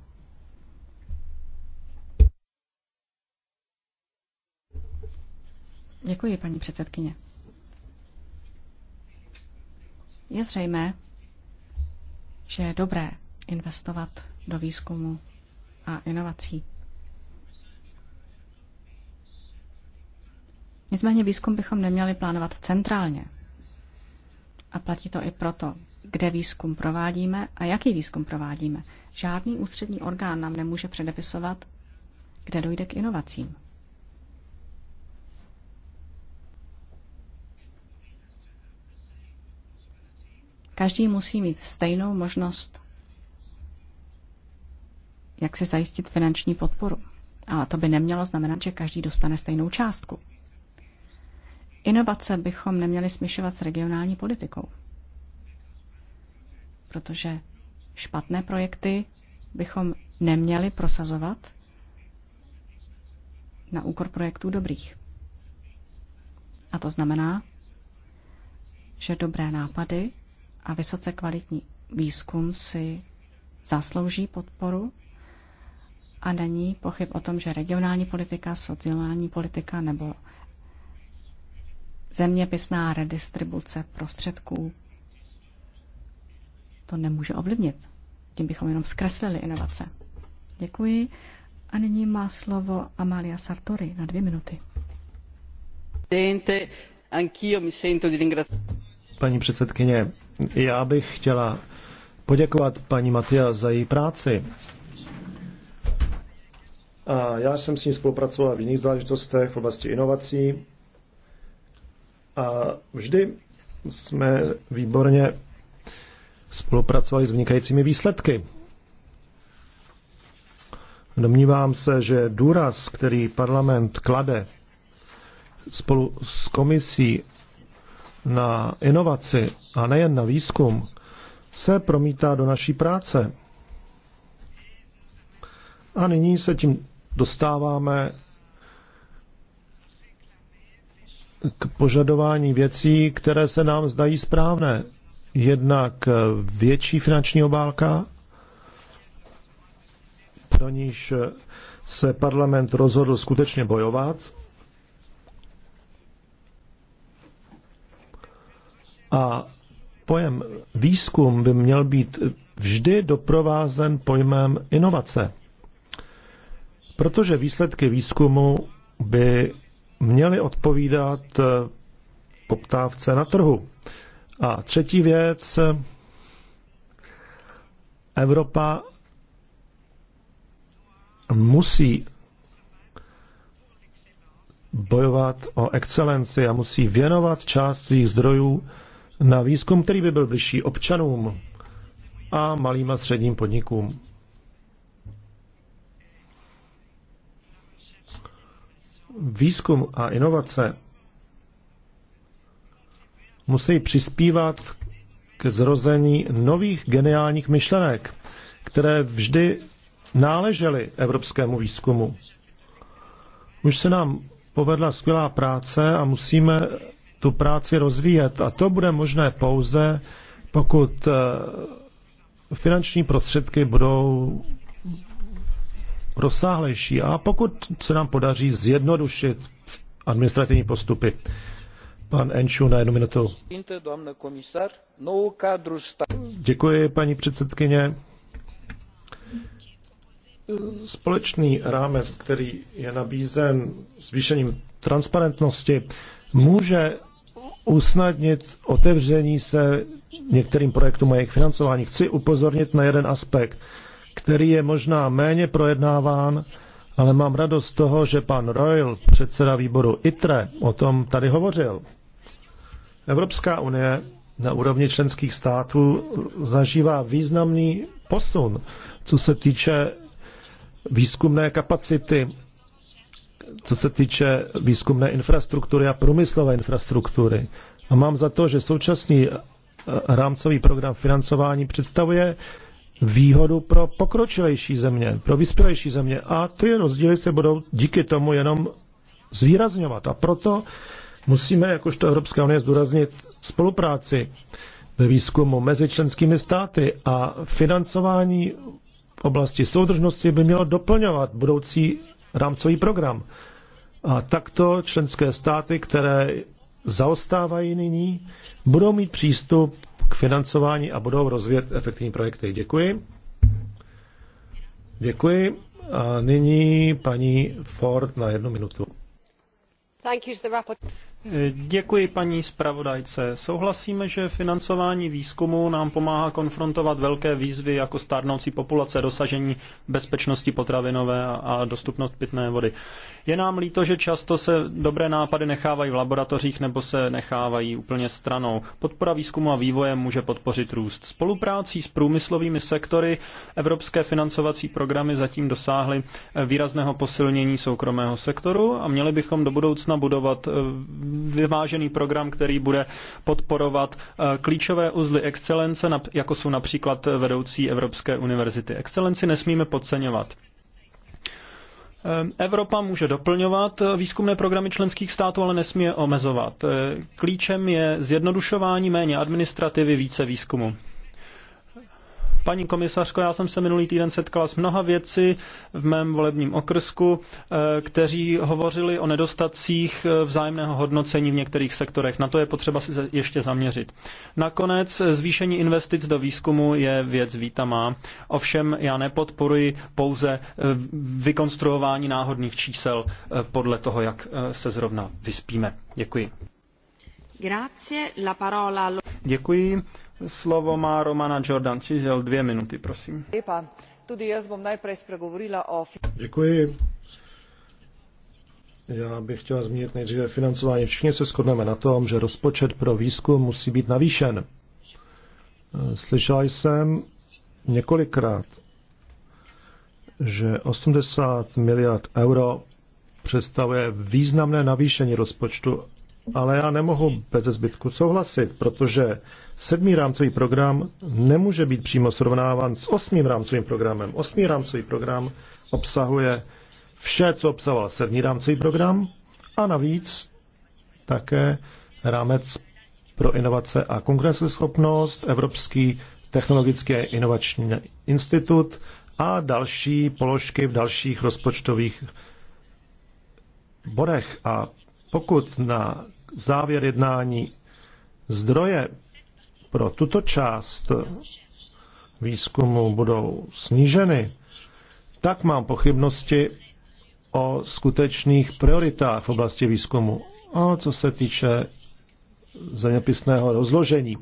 Děkuji, paní předsedkyně. Je zřejmé, že je dobré investovat do výzkumu a inovací. Nicméně výzkum bychom neměli plánovat centrálně. A platí to i proto, kde výzkum provádíme a jaký výzkum provádíme. Žádný ústřední orgán nám nemůže předepisovat, kde dojde k inovacím. Každý musí mít stejnou možnost, jak si zajistit finanční podporu. Ale to by nemělo znamenat, že každý dostane stejnou částku. Inovace bychom neměli smyšovat s regionální politikou, protože špatné projekty bychom neměli prosazovat na úkor projektů dobrých. A to znamená, že dobré nápady a vysoce kvalitní výzkum si zaslouží podporu a není pochyb o tom, že regionální politika, sociální politika nebo zeměpisná redistribuce prostředků to nemůže ovlivnit. Tím bychom jenom zkreslili inovace. Děkuji. A nyní má slovo Amalia Sartori na dvě minuty. Paní předsedkyně, já bych chtěla poděkovat paní Matia za její práci. A já jsem s ní spolupracoval v jiných záležitostech v oblasti inovací a vždy jsme výborně spolupracovali s vynikajícími výsledky. Domnívám se, že důraz, který parlament klade spolu s komisí na inovaci a nejen na výzkum, se promítá do naší práce. A nyní se tím dostáváme k požadování věcí, které se nám zdají správné. Jednak větší finanční obálka, pro níž se parlament rozhodl skutečně bojovat, A pojem výzkum by měl být vždy doprovázen pojmem inovace. Protože výsledky výzkumu by měly odpovídat eh, poptávce na trhu. A třetí věc, Evropa musí bojovat o excelenci a musí věnovat část svých zdrojů na výzkum, který by byl bližší občanům a malým a středním podnikům. Výzkum a inovace musí přispívat k zrození nových geniálních myšlenek, které vždy náležely evropskému výzkumu. Už se nám povedla skvělá práce a musíme tu práci rozvíjet. A to bude možné pouze, pokud eh, finanční prostředky budou rozsáhlejší a pokud se nám podaří zjednodušit administrativní postupy. Pan Enšu na jednu minutu. Děkuji, paní předsedkyně. Společný rámec, který je nabízen zvýšením transparentnosti, může usnadnit otevření se některým projektům a jejich financování. Chci upozornit na jeden aspekt, který je možná méně projednáván, ale mám radost z toho, že pan Royal, předseda výboru ITRE, o tom tady hovořil. Evropská unie na úrovni členských států zažívá významný posun, co se týče výzkumné kapacity co se týče výzkumné infrastruktury a průmyslové infrastruktury. A mám za to, že současný eh, rámcový program financování představuje výhodu pro pokročilejší země, pro vyspělejší země. A ty rozdíly se budou díky tomu jenom zvýrazňovat. A proto musíme, jakožto Evropská unie, zdůraznit spolupráci ve výzkumu mezi členskými státy a financování v oblasti soudržnosti by mělo doplňovat budoucí rámcový program. A takto členské státy, které zaostávají nyní, budou mít přístup k financování a budou rozvíjet efektivní projekty. Děkuji. Děkuji. A nyní paní Ford na jednu minutu. Děkuji paní zpravodajce. Souhlasíme, že financování výzkumu nám pomáhá konfrontovat velké výzvy jako stárnoucí populace, dosažení bezpečnosti potravinové a dostupnost pitné vody. Je nám líto, že často se dobré nápady nechávají v laboratořích nebo se nechávají úplně stranou. Podpora výzkumu a vývoje může podpořit růst. Spoluprácí s průmyslovými sektory evropské financovací programy zatím dosáhly výrazného posilnění soukromého sektoru a měli bychom do budoucna budovat vyvážený program, který bude podporovat eh, klíčové uzly excelence, jako jsou například vedoucí Evropské univerzity. Excelenci nesmíme podceňovat. Eh, Evropa může doplňovat eh, výzkumné programy členských států, ale nesmí je omezovat. Klíčem je zjednodušování méně administrativy, více výzkumu. Paní komisařko, já jsem se minulý týden setkala s mnoha věci v mém volebním okrsku, eh, kteří hovořili o nedostacích eh, vzájemného hodnocení v některých sektorech. Na to je potřeba si ještě zaměřit. Nakonec zvýšení investic do výzkumu je věc vítamá. Ovšem já nepodporuji pouze eh, vykonstruování náhodných čísel podle toho, jak se zrovna vyspíme. Děkuji. Grazie, la parola... Děkuji. Slovo má Romana Jordan Čizel, dvě minuty, prosím. Děkuji. Já bych chtěla zmínit nejdříve financování. Všichni se shodneme na tom, že rozpočet pro výzkum musí být navýšen. Slyšel jsem několikrát, že 80 miliard euro představuje významné navýšení rozpočtu ale já nemohu bez zbytku souhlasit, protože sedmý rámcový program nemůže být přímo srovnáván s osmým rámcovým programem. Osmý rámcový program obsahuje vše, co obsahoval sedmý rámcový program a navíc také rámec pro inovace a konkurenceschopnost, Evropský technologický inovační institut a další položky v dalších rozpočtových bodech. A pokud na závěr jednání. Zdroje pro tuto část výzkumu budou sníženy, tak mám pochybnosti o skutečných prioritách v oblasti výzkumu. A co se týče zeměpisného rozložení.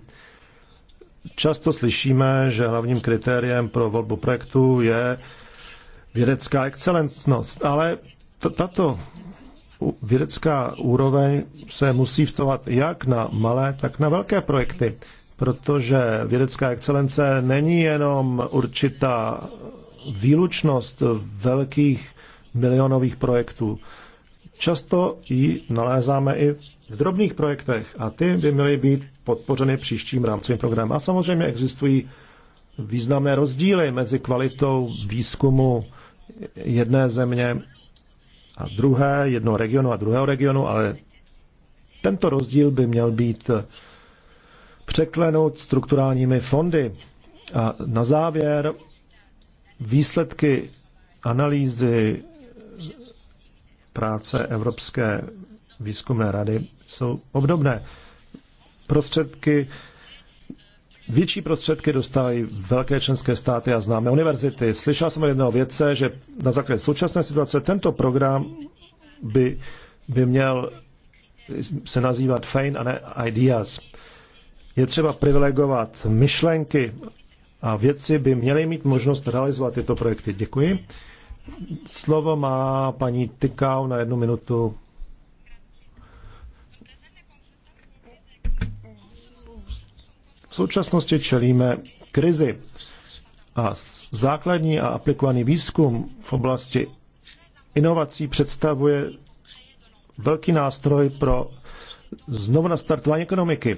Často slyšíme, že hlavním kritériem pro volbu projektu je vědecká excelentnost, ale tato vědecká úroveň se musí vstavovat jak na malé, tak na velké projekty, protože vědecká excelence není jenom určitá výlučnost velkých milionových projektů. Často ji nalézáme i v drobných projektech a ty by měly být podpořeny příštím rámcovým programem. A samozřejmě existují významné rozdíly mezi kvalitou výzkumu jedné země a druhé, jednoho regionu a druhého regionu, ale tento rozdíl by měl být překlenut strukturálními fondy. A na závěr výsledky analýzy práce Evropské výzkumné rady jsou obdobné. Prostředky Větší prostředky dostávají velké členské státy a známé univerzity. Slyšel jsem od jednoho vědce, že na základě současné situace tento program by, by měl se nazývat FAIN a ne IDEAS. Je třeba privilegovat myšlenky a věci by měly mít možnost realizovat tyto projekty. Děkuji. Slovo má paní Tykau na jednu minutu. V současnosti čelíme krizi a základní a aplikovaný výzkum v oblasti inovací představuje velký nástroj pro znovu nastartování ekonomiky.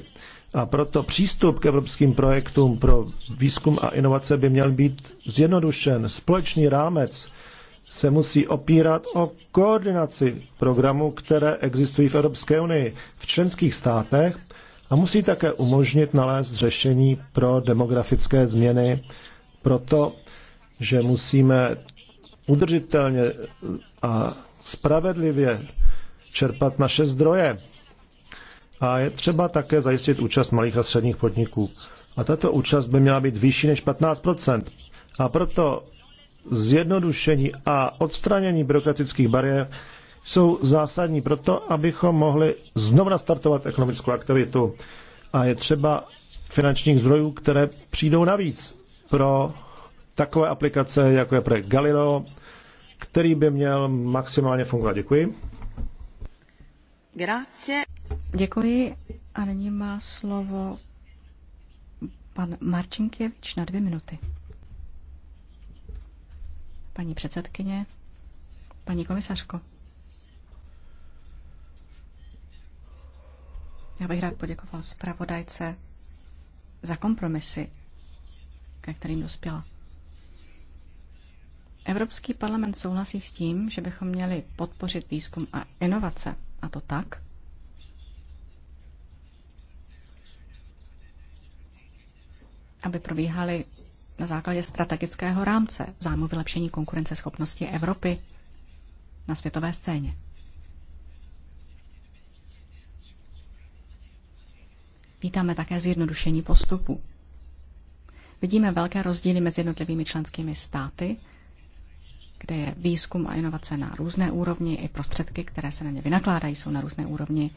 A proto přístup k evropským projektům pro výzkum a inovace by měl být zjednodušen. Společný rámec se musí opírat o koordinaci programů, které existují v Evropské unii, v členských státech a musí také umožnit nalézt řešení pro demografické změny, proto, že musíme udržitelně a spravedlivě čerpat naše zdroje. A je třeba také zajistit účast malých a středních podniků. A tato účast by měla být vyšší než 15 A proto zjednodušení a odstranění byrokratických bariér jsou zásadní pro to, abychom mohli znovu nastartovat ekonomickou aktivitu. A je třeba finančních zdrojů, které přijdou navíc pro takové aplikace, jako je projekt Galileo, který by měl maximálně fungovat. Děkuji. Grazie. Děkuji. A nyní má slovo pan Marčinkěvič na dvě minuty. Paní předsedkyně, paní komisařko. Já bych rád poděkoval zpravodajce za kompromisy, ke kterým dospěla. Evropský parlament souhlasí s tím, že bychom měli podpořit výzkum a inovace, a to tak, aby probíhaly na základě strategického rámce zájmu vylepšení konkurenceschopnosti Evropy na světové scéně. Vítáme také zjednodušení postupu. Vidíme velké rozdíly mezi jednotlivými členskými státy, kde je výzkum a inovace na různé úrovni, i prostředky, které se na ně vynakládají, jsou na různé úrovni.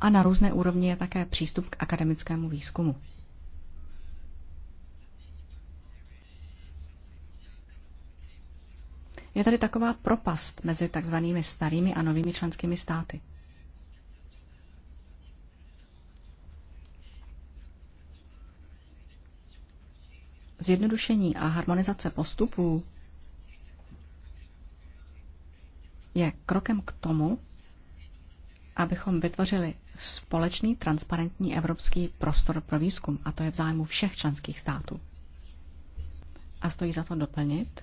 A na různé úrovni je také přístup k akademickému výzkumu. Je tady taková propast mezi takzvanými starými a novými členskými státy. Zjednodušení a harmonizace postupů je krokem k tomu, abychom vytvořili společný transparentní evropský prostor pro výzkum, a to je v zájmu všech členských států. A stojí za to doplnit,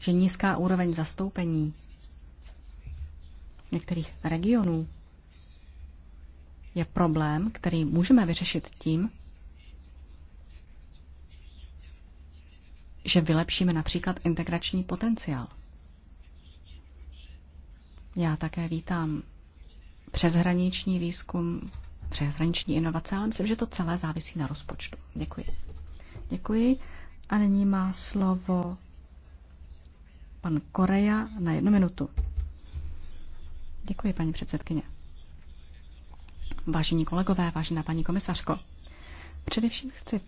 že nízká úroveň zastoupení některých regionů je problém, který můžeme vyřešit tím, že vylepšíme například integrační potenciál. Já také vítám přeshraniční výzkum, přeshraniční inovace, ale myslím, že to celé závisí na rozpočtu. Děkuji. Děkuji. A nyní má slovo Pan Korea na jednu minutu. Děkuji, paní předsedkyně. Vážení kolegové, vážená paní komisařko, především chci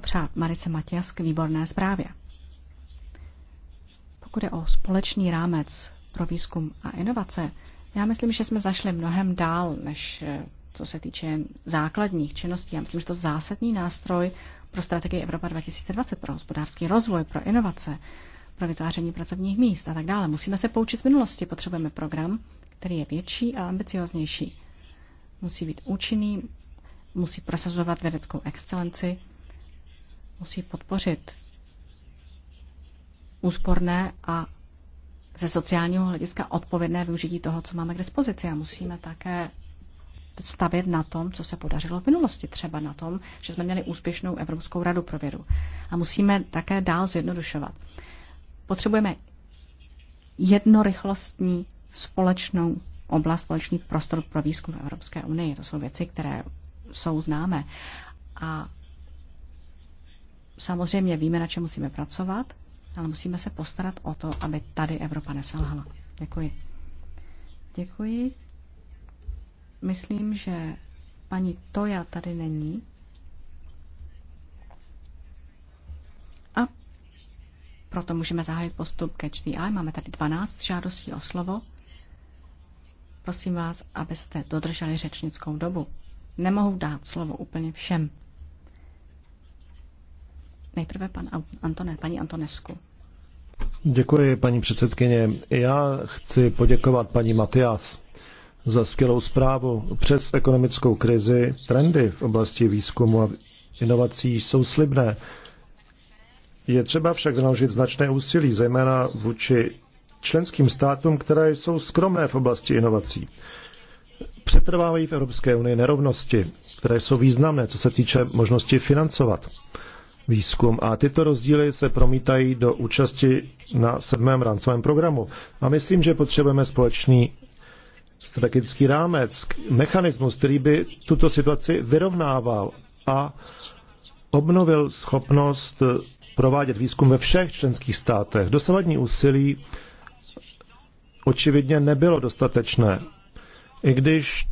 přát Marice Matias k výborné zprávě. Pokud je o společný rámec pro výzkum a inovace, já myslím, že jsme zašli mnohem dál, než eh, co se týče základních činností. Já myslím, že to zásadní nástroj pro strategii Evropa 2020, pro hospodářský rozvoj, pro inovace, pro vytváření pracovních míst a tak dále. Musíme se poučit z minulosti. Potřebujeme program, který je větší a ambicioznější. Musí být účinný, musí prosazovat vědeckou excelenci, musí podpořit úsporné a ze sociálního hlediska odpovědné využití toho, co máme k dispozici. A musíme také stavět na tom, co se podařilo v minulosti, třeba na tom, že jsme měli úspěšnou Evropskou radu pro vědu. A musíme také dál zjednodušovat. Potřebujeme jednorychlostní společnou oblast, společný prostor pro výzkum v Evropské unii. To jsou věci, které jsou známé. A samozřejmě víme, na čem musíme pracovat, ale musíme se postarat o to, aby tady Evropa neselhala. Děkuji. Děkuji. Myslím, že paní Toja tady není. A proto můžeme zahájit postup ke čtyři. Máme tady 12 žádostí o slovo. Prosím vás, abyste dodrželi řečnickou dobu. Nemohu dát slovo úplně všem. Nejprve pan Antone, paní Antonesku. Děkuji, paní předsedkyně. Já chci poděkovat paní Matias za skvělou zprávu. Přes ekonomickou krizi trendy v oblasti výzkumu a inovací jsou slibné. Je třeba však vynaložit značné úsilí, zejména vůči členským státům, které jsou skromné v oblasti inovací. Přetrvávají v Evropské unii nerovnosti, které jsou významné, co se týče možnosti financovat výzkum. A tyto rozdíly se promítají do účasti na sedmém rámcovém programu. A myslím, že potřebujeme společný strategický rámec, mechanismus, který by tuto situaci vyrovnával a obnovil schopnost provádět výzkum ve všech členských státech. Dosavadní úsilí očividně nebylo dostatečné, i když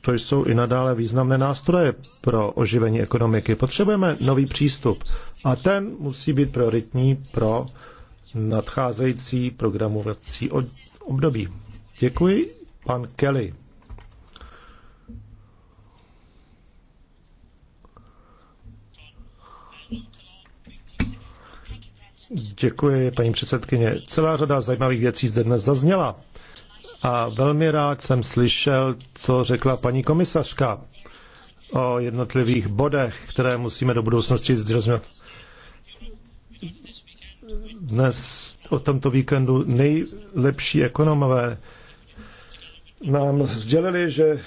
to jsou i nadále významné nástroje pro oživení ekonomiky. Potřebujeme nový přístup a ten musí být prioritní pro nadcházející programovací období. Děkuji, pan Kelly. Děkuji, paní předsedkyně. Celá řada zajímavých věcí zde dnes zazněla. A velmi rád jsem slyšel, co řekla paní komisařka o jednotlivých bodech, které musíme do budoucnosti zdůraznit. Dnes o tomto víkendu nejlepší ekonomové nám sdělili, že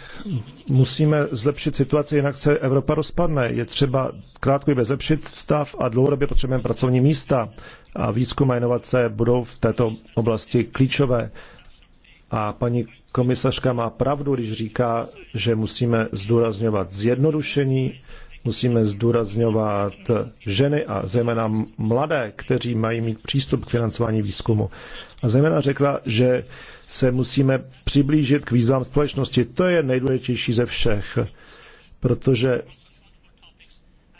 musíme zlepšit situaci, jinak se Evropa rozpadne. Je třeba krátkodobě zlepšit stav a dlouhodobě potřebujeme pracovní místa. A výzkum a inovace budou v této oblasti klíčové. A paní komisařka má pravdu, když říká, že musíme zdůrazňovat zjednodušení, musíme zdůrazňovat ženy a zejména mladé, kteří mají mít přístup k financování výzkumu. A zejména řekla, že se musíme přiblížit k výzvám společnosti. To je nejdůležitější ze všech, protože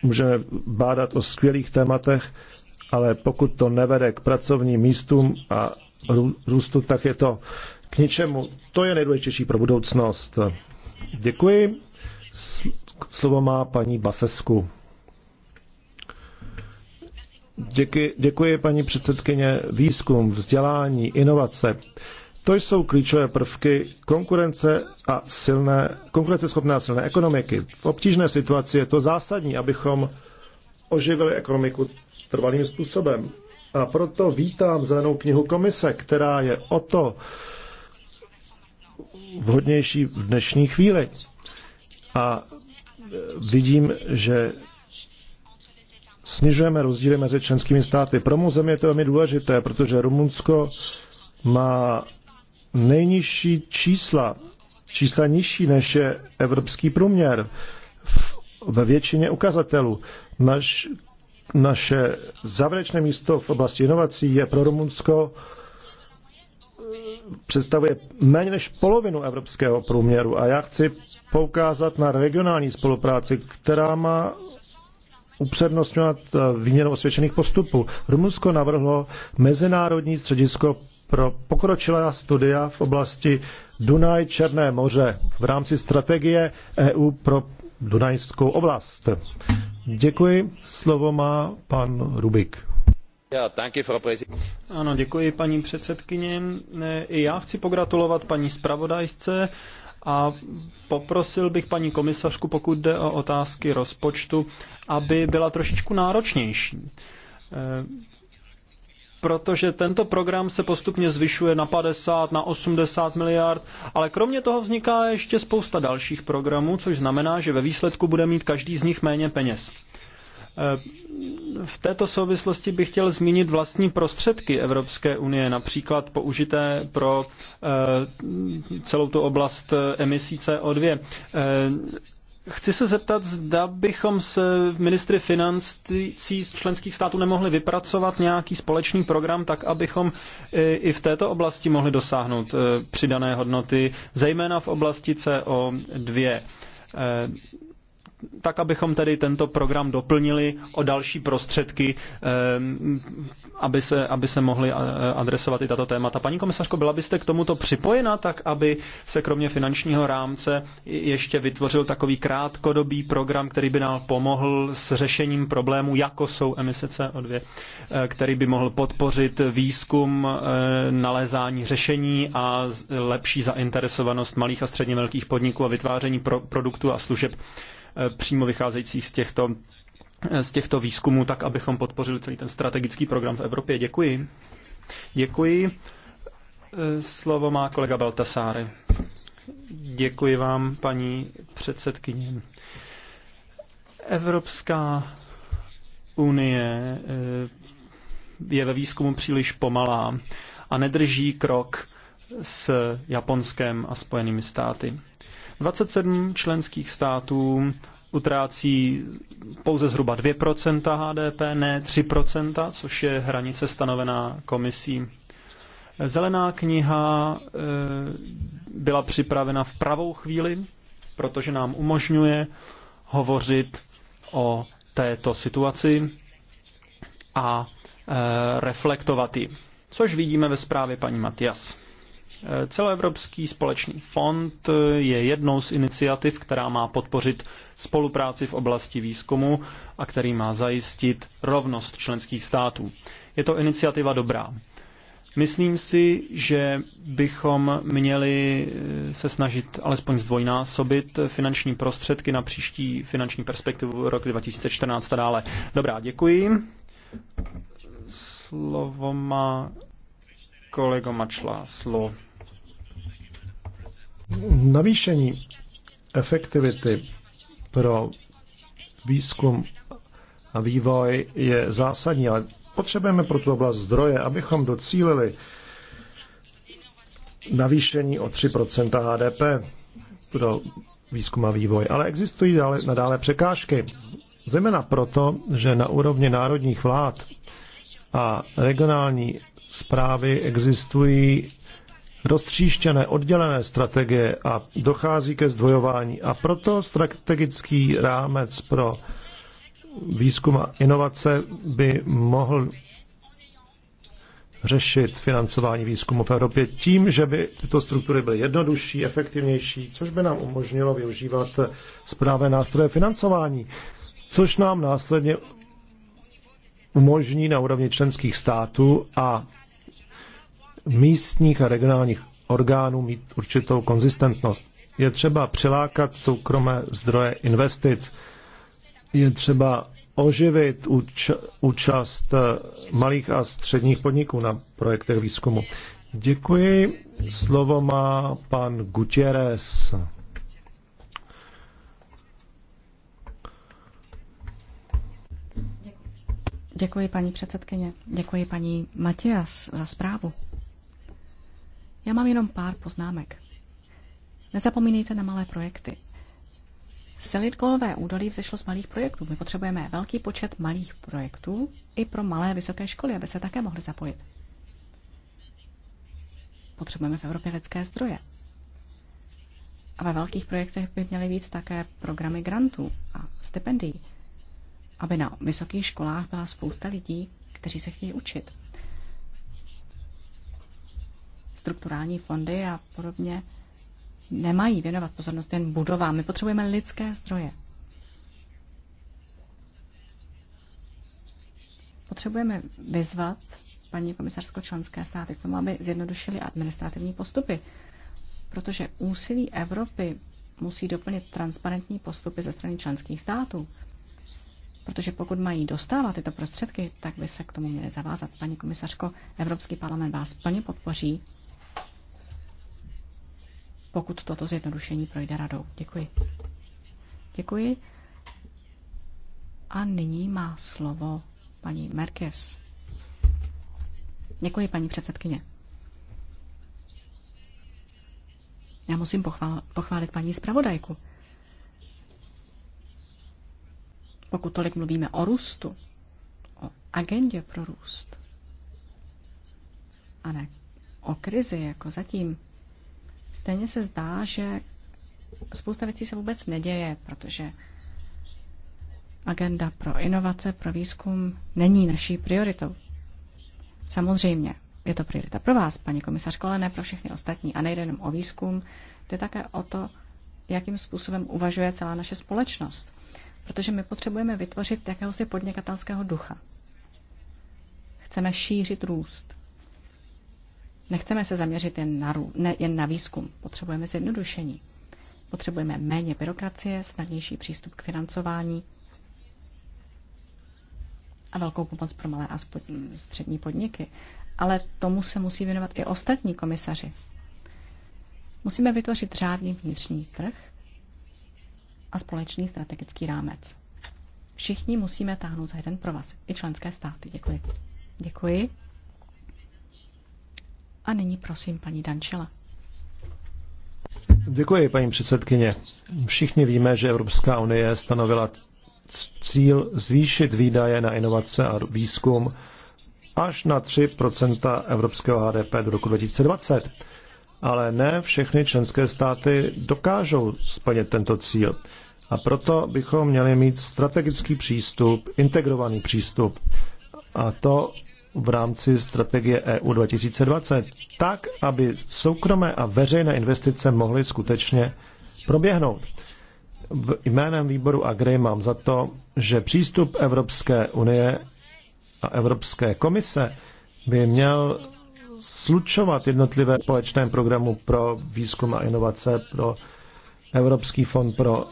můžeme bádat o skvělých tématech, ale pokud to nevede k pracovním místům a růstu, tak je to k ničemu. To je nejdůležitější pro budoucnost. Děkuji. Slovo má paní Basesku. Děkuji, děkuji, paní předsedkyně. Výzkum, vzdělání, inovace. To jsou klíčové prvky konkurence a silné, konkurenceschopné a silné ekonomiky. V obtížné situaci je to zásadní, abychom oživili ekonomiku trvalým způsobem. A proto vítám zelenou knihu komise, která je o to vhodnější v dnešní chvíli. A vidím, že snižujeme rozdíly mezi členskými státy. Pro mou zemi je to velmi důležité, protože Rumunsko má nejnižší čísla, čísla nižší než je evropský průměr v, ve většině ukazatelů. Naš, naše závěrečné místo v oblasti inovací je pro Rumunsko představuje méně než polovinu evropského průměru a já chci poukázat na regionální spolupráci, která má upřednostňovat eh, výměnu osvědčených postupů. Rumunsko navrhlo Mezinárodní středisko pro pokročilá studia v oblasti Dunaj Černé moře v rámci strategie EU pro Dunajskou oblast. Děkuji. Slovo má pan Rubik. Ano, děkuji paní předsedkyně. I já chci pogratulovat paní zpravodajce a poprosil bych paní komisařku, pokud jde o otázky rozpočtu, aby byla trošičku náročnější e, protože tento program se postupně zvyšuje na 50, na 80 miliard, ale kromě toho vzniká ještě spousta dalších programů, což znamená, že ve výsledku bude mít každý z nich méně peněz. Eh, v této souvislosti bych chtěl zmínit vlastní prostředky Evropské unie, například použité pro eh, celou tu oblast eh, emisí CO2. Chci se zeptat, zda bychom se ministry financí z členských států nemohli vypracovat nějaký společný program, tak abychom i v této oblasti mohli dosáhnout přidané hodnoty, zejména v oblasti CO2 tak abychom tedy tento program doplnili o další prostředky, ehm, aby se, aby se mohly eh, adresovat i tato témata. Paní komisařko, byla byste k tomuto připojena, tak aby se kromě finančního rámce ještě vytvořil takový krátkodobý program, který by nám pomohl s řešením problémů, jako jsou emise CO2, eh, který by mohl podpořit výzkum, eh, nalézání řešení a lepší zainteresovanost malých a středně velkých podniků a vytváření pro, produktů a služeb, Eh, přímo vycházejících z těchto, eh, z těchto výzkumů, tak abychom podpořili celý ten strategický program v Evropě. Děkuji. Děkuji. Eh, slovo má kolega Baltasáry. Děkuji vám, paní předsedkyně. Evropská unie je ve výzkumu příliš pomalá a nedrží krok s Japonskem a Spojenými státy. 27 členských států utrácí pouze zhruba 2% HDP, ne 3%, což je hranice stanovená komisí. Zelená kniha eh, byla připravena v pravou chvíli, protože nám umožňuje hovořit o této situaci a eh, reflektovat ji, což vidíme ve zprávě paní Matias. Celoevropský společný fond je jednou z iniciativ, která má podpořit spolupráci v oblasti výzkumu a který má zajistit rovnost členských států. Je to iniciativa dobrá. Myslím si, že bychom měli eh, se snažit alespoň zdvojnásobit finanční prostředky na příští finanční perspektivu roku 2014 a dále. Dobrá, děkuji. Slovo má kolega Mačláslo. Navýšení efektivity pro výzkum a vývoj je zásadní, ale potřebujeme pro tu oblast zdroje, abychom docílili navýšení o 3 HDP pro výzkum a vývoj. Ale existují dále, nadále překážky, zejména proto, že na úrovni národních vlád a regionální zprávy existují roztříštěné, oddělené strategie a dochází ke zdvojování. A proto strategický rámec pro výzkum a inovace by mohl řešit financování výzkumu v Evropě tím, že by tyto struktury byly jednodušší, efektivnější, což by nám umožnilo využívat správné nástroje financování, což nám následně umožní na úrovni členských států a místních a regionálních orgánů mít určitou konzistentnost. Je třeba přilákat soukromé zdroje investic, je třeba oživit úč- účast eh, malých a středních podniků na projektech výzkumu. Děkuji. Slovo má pan Gutierrez. Děkuji, paní předsedkyně. Děkuji, paní Matias, za zprávu. Já mám jenom pár poznámek. Nezapomínejte na malé projekty. Selitkolové údolí vzešlo z malých projektů. My potřebujeme velký počet malých projektů i pro malé vysoké školy, aby se také mohly zapojit. Potřebujeme v Evropě lidské zdroje. A ve velkých projektech by měly být také programy grantů a stipendií, aby na vysokých školách byla spousta lidí, kteří se chtějí učit strukturální fondy a podobně nemají věnovat pozornost jen budovám. My potřebujeme lidské zdroje. Potřebujeme vyzvat paní komisařsko členské státy k tomu, aby zjednodušili administrativní postupy, protože úsilí Evropy musí doplnit transparentní postupy ze strany členských států. Protože pokud mají dostávat tyto prostředky, tak by se k tomu měli zavázat. Paní komisařko, Evropský parlament vás plně podpoří pokud toto zjednodušení projde radou. Děkuji. Děkuji. A nyní má slovo paní Merkes. Děkuji, paní předsedkyně. Já musím pochvál, pochválit paní zpravodajku. Pokud tolik mluvíme o růstu, o agendě pro růst, a ne o krizi jako zatím, Stejně se zdá, že spousta věcí se vůbec neděje, protože agenda pro inovace, pro výzkum není naší prioritou. Samozřejmě, je to priorita pro vás, paní komisařko, ale ne pro všechny ostatní. A nejde jenom o výzkum, jde také o to, jakým způsobem uvažuje celá naše společnost. Protože my potřebujeme vytvořit jakéhosi podnikatelského ducha. Chceme šířit růst. Nechceme se zaměřit jen na, ne, jen na výzkum, potřebujeme zjednodušení. Potřebujeme méně byrokracie, snadnější přístup k financování a velkou pomoc pro malé a střední podniky. Ale tomu se musí věnovat i ostatní komisaři. Musíme vytvořit řádný vnitřní trh a společný strategický rámec. Všichni musíme táhnout za jeden provaz, i členské státy. Děkuji. Děkuji. A nyní prosím paní Dančela. Děkuji, paní předsedkyně. Všichni víme, že Evropská unie stanovila cíl zvýšit výdaje na inovace a výzkum až na 3 evropského HDP do roku 2020. Ale ne všechny členské státy dokážou splnit tento cíl. A proto bychom měli mít strategický přístup, integrovaný přístup. A to v rámci strategie EU 2020, tak, aby soukromé a veřejné investice mohly skutečně proběhnout. V jménem výboru Agri mám za to, že přístup Evropské unie a Evropské komise by měl slučovat jednotlivé společné programu pro výzkum a inovace, pro Evropský fond pro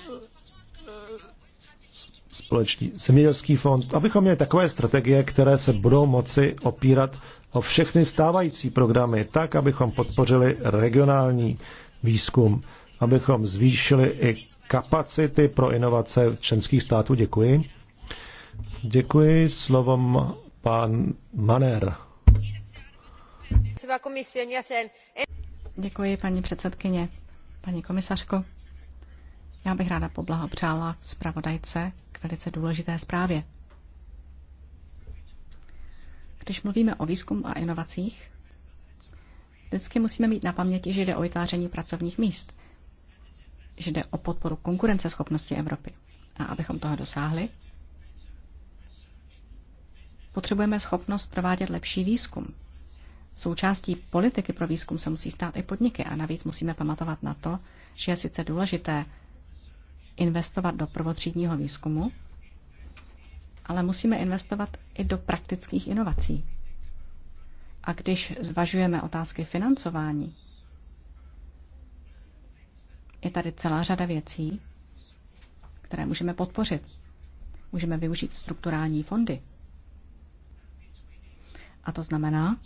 společný zemědělský fond, abychom měli takové strategie, které se budou moci opírat o všechny stávající programy, tak, abychom podpořili regionální výzkum, abychom zvýšili i kapacity pro inovace členských států. Děkuji. Děkuji slovom pan Maner. Děkuji, paní předsedkyně. Paní komisařko, já bych ráda poblahopřála zpravodajce k velice důležité zprávě. Když mluvíme o výzkumu a inovacích, vždycky musíme mít na paměti, že jde o vytváření pracovních míst, že jde o podporu konkurenceschopnosti Evropy. A abychom toho dosáhli, potřebujeme schopnost provádět lepší výzkum. Součástí politiky pro výzkum se musí stát i podniky a navíc musíme pamatovat na to, že je sice důležité investovat do prvotřídního výzkumu, ale musíme investovat i do praktických inovací. A když zvažujeme otázky financování, je tady celá řada věcí, které můžeme podpořit. Můžeme využít strukturální fondy. A to znamená,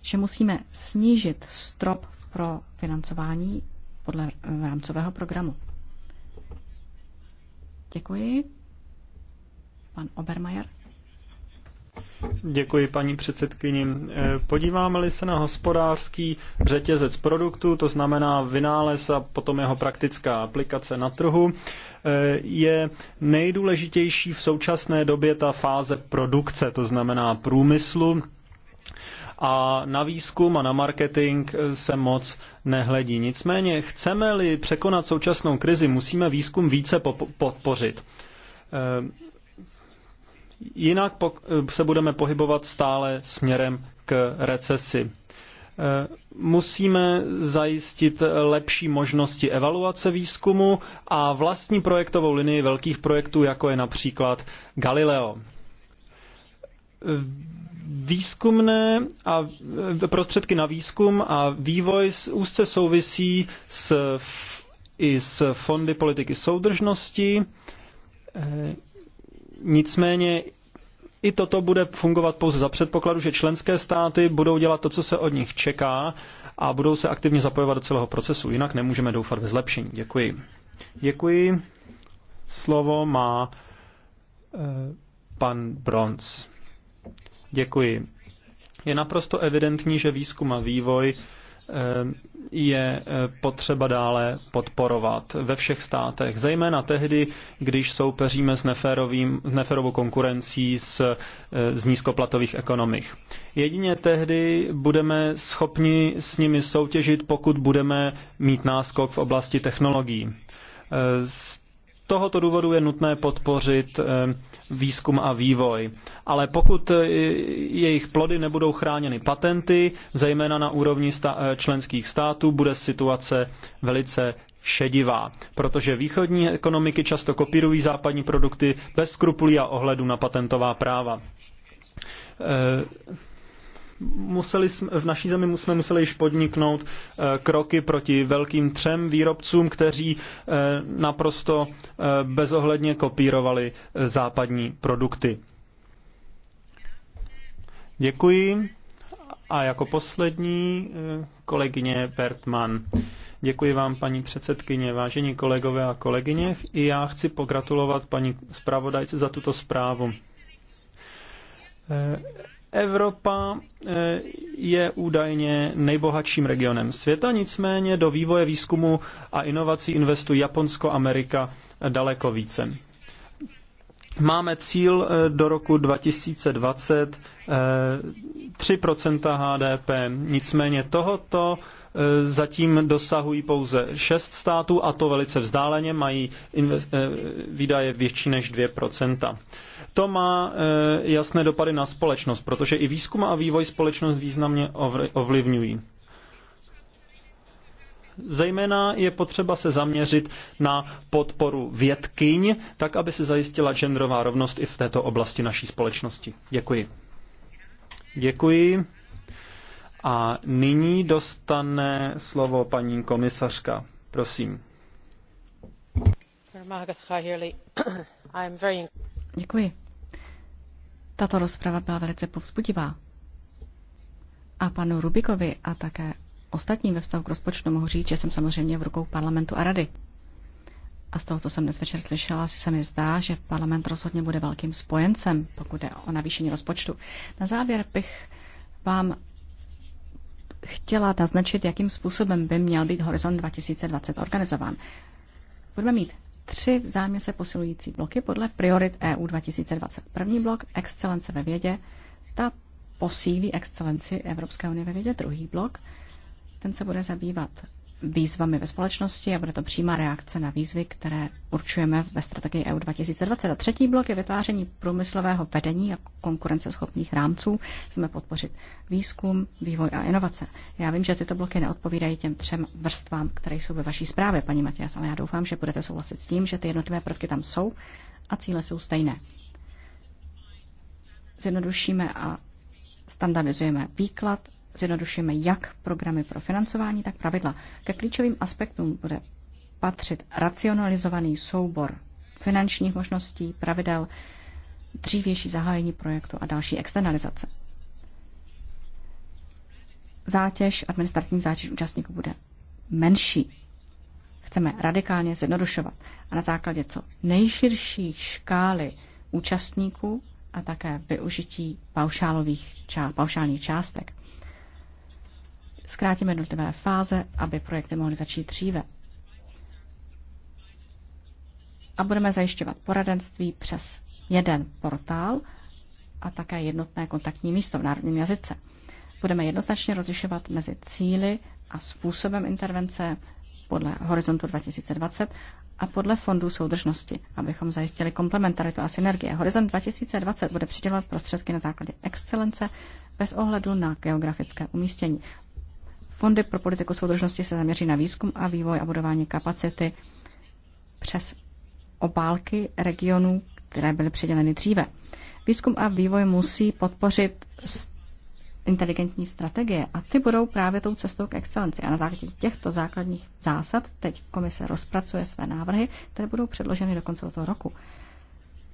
že musíme snížit strop pro financování podle rámcového programu. Děkuji. Pan Obermajer. Děkuji, paní předsedkyni. Podíváme-li se na hospodářský řetězec produktů, to znamená vynález a potom jeho praktická aplikace na trhu, je nejdůležitější v současné době ta fáze produkce, to znamená průmyslu, a na výzkum a na marketing se moc nehledí. Nicméně, chceme-li překonat současnou krizi, musíme výzkum více podpořit. Eh, jinak eh, se budeme pohybovat stále směrem k recesi. Eh, musíme zajistit lepší možnosti evaluace výzkumu a vlastní projektovou linii velkých projektů, jako je například Galileo výzkumné a e, prostředky na výzkum a vývoj úzce souvisí s, i s fondy politiky soudržnosti. E, nicméně i toto bude fungovat pouze za předpokladu, že členské státy budou dělat to, co se od nich čeká a budou se aktivně zapojovat do celého procesu. Jinak nemůžeme doufat ve zlepšení. Děkuji. Děkuji. Slovo má e, pan Bronz. Děkuji. Je naprosto evidentní, že výzkum a vývoj eh, je eh, potřeba dále podporovat ve všech státech, zejména tehdy, když soupeříme s, neférovým, s neférovou konkurencí z, z eh, nízkoplatových ekonomik. Jedině tehdy budeme schopni s nimi soutěžit, pokud budeme mít náskok v oblasti technologií. Z tohoto důvodu je nutné podpořit výzkum a vývoj. Ale pokud e, jejich plody nebudou chráněny patenty, zejména na úrovni e, členských států, bude situace velice šedivá, protože východní ekonomiky často kopírují západní produkty bez skrupulí a ohledu na patentová práva. E museli jsme, v naší zemi jsme museli již podniknout eh, kroky proti velkým třem výrobcům, kteří eh, naprosto eh, bezohledně kopírovali západní produkty. Děkuji. A jako poslední kolegyně Bertman. Děkuji vám, paní předsedkyně, vážení kolegové a kolegyně. I já chci pogratulovat paní zpravodajce za tuto zprávu. Evropa eh, je údajně nejbohatším regionem světa, nicméně do vývoje výzkumu a inovací investují Japonsko, Amerika eh, daleko více. Máme cíl eh, do roku 2020 3% HDP, nicméně tohoto zatím dosahují pouze 6 států a to velice vzdáleně mají výdaje větší než 2%. To má e, jasné dopady na společnost, protože i výzkum a vývoj společnost významně ovlivňují. Zejména je potřeba se zaměřit na podporu vědkyň, tak aby se zajistila genderová rovnost i v této oblasti naší společnosti. Děkuji. Děkuji. A nyní dostane slovo paní komisařka. Prosím. Děkuji. Tato rozprava byla velice povzbudivá. A panu Rubikovi a také ostatním ve vztahu k rozpočtu mohu říct, že jsem samozřejmě v rukou parlamentu a rady. A z toho, co jsem dnes večer slyšela, si se mi zdá, že parlament rozhodně bude velkým spojencem, pokud jde o navýšení rozpočtu. Na závěr bych vám chtěla naznačit, jakým způsobem by měl být Horizon 2020 organizován. Budeme mít tři vzájemně se posilující bloky podle priorit EU 2020. První blok excelence ve vědě, ta posílí excelenci Evropské unie ve vědě. Druhý blok, ten se bude zabývat výzvami ve společnosti a bude to přímá reakce na výzvy, které určujeme ve strategii EU 2020. A třetí blok je vytváření průmyslového vedení a konkurenceschopných rámců. Chceme podpořit výzkum, vývoj a inovace. Já vím, že tyto bloky neodpovídají těm třem vrstvám, které jsou ve vaší zprávě, paní Matias, ale já doufám, že budete souhlasit s tím, že ty jednotlivé prvky tam jsou a cíle jsou stejné. Zjednodušíme a standardizujeme výklad, zjednodušíme jak programy pro financování, tak pravidla. Ke klíčovým aspektům bude patřit racionalizovaný soubor finančních možností, pravidel, dřívější zahájení projektu a další externalizace. Zátěž, administrativní zátěž účastníků bude menší. Chceme radikálně zjednodušovat a na základě co nejširší škály účastníků a také využití paušálových, ča, paušálních částek zkrátíme jednotlivé fáze, aby projekty mohly začít dříve. A budeme zajišťovat poradenství přes jeden portál a také jednotné kontaktní místo v národním jazyce. Budeme jednoznačně rozlišovat mezi cíly a způsobem intervence podle horizontu 2020 a podle fondů soudržnosti, abychom zajistili komplementaritu a synergie. Horizont 2020 bude přidělovat prostředky na základě excelence bez ohledu na geografické umístění. Fondy pro politiku soudržnosti se zaměří na výzkum a vývoj a budování kapacity přes obálky regionů, které byly předěleny dříve. Výzkum a vývoj musí podpořit inteligentní strategie a ty budou právě tou cestou k excelenci. A na základě těchto základních zásad teď komise rozpracuje své návrhy, které budou předloženy do konce toho roku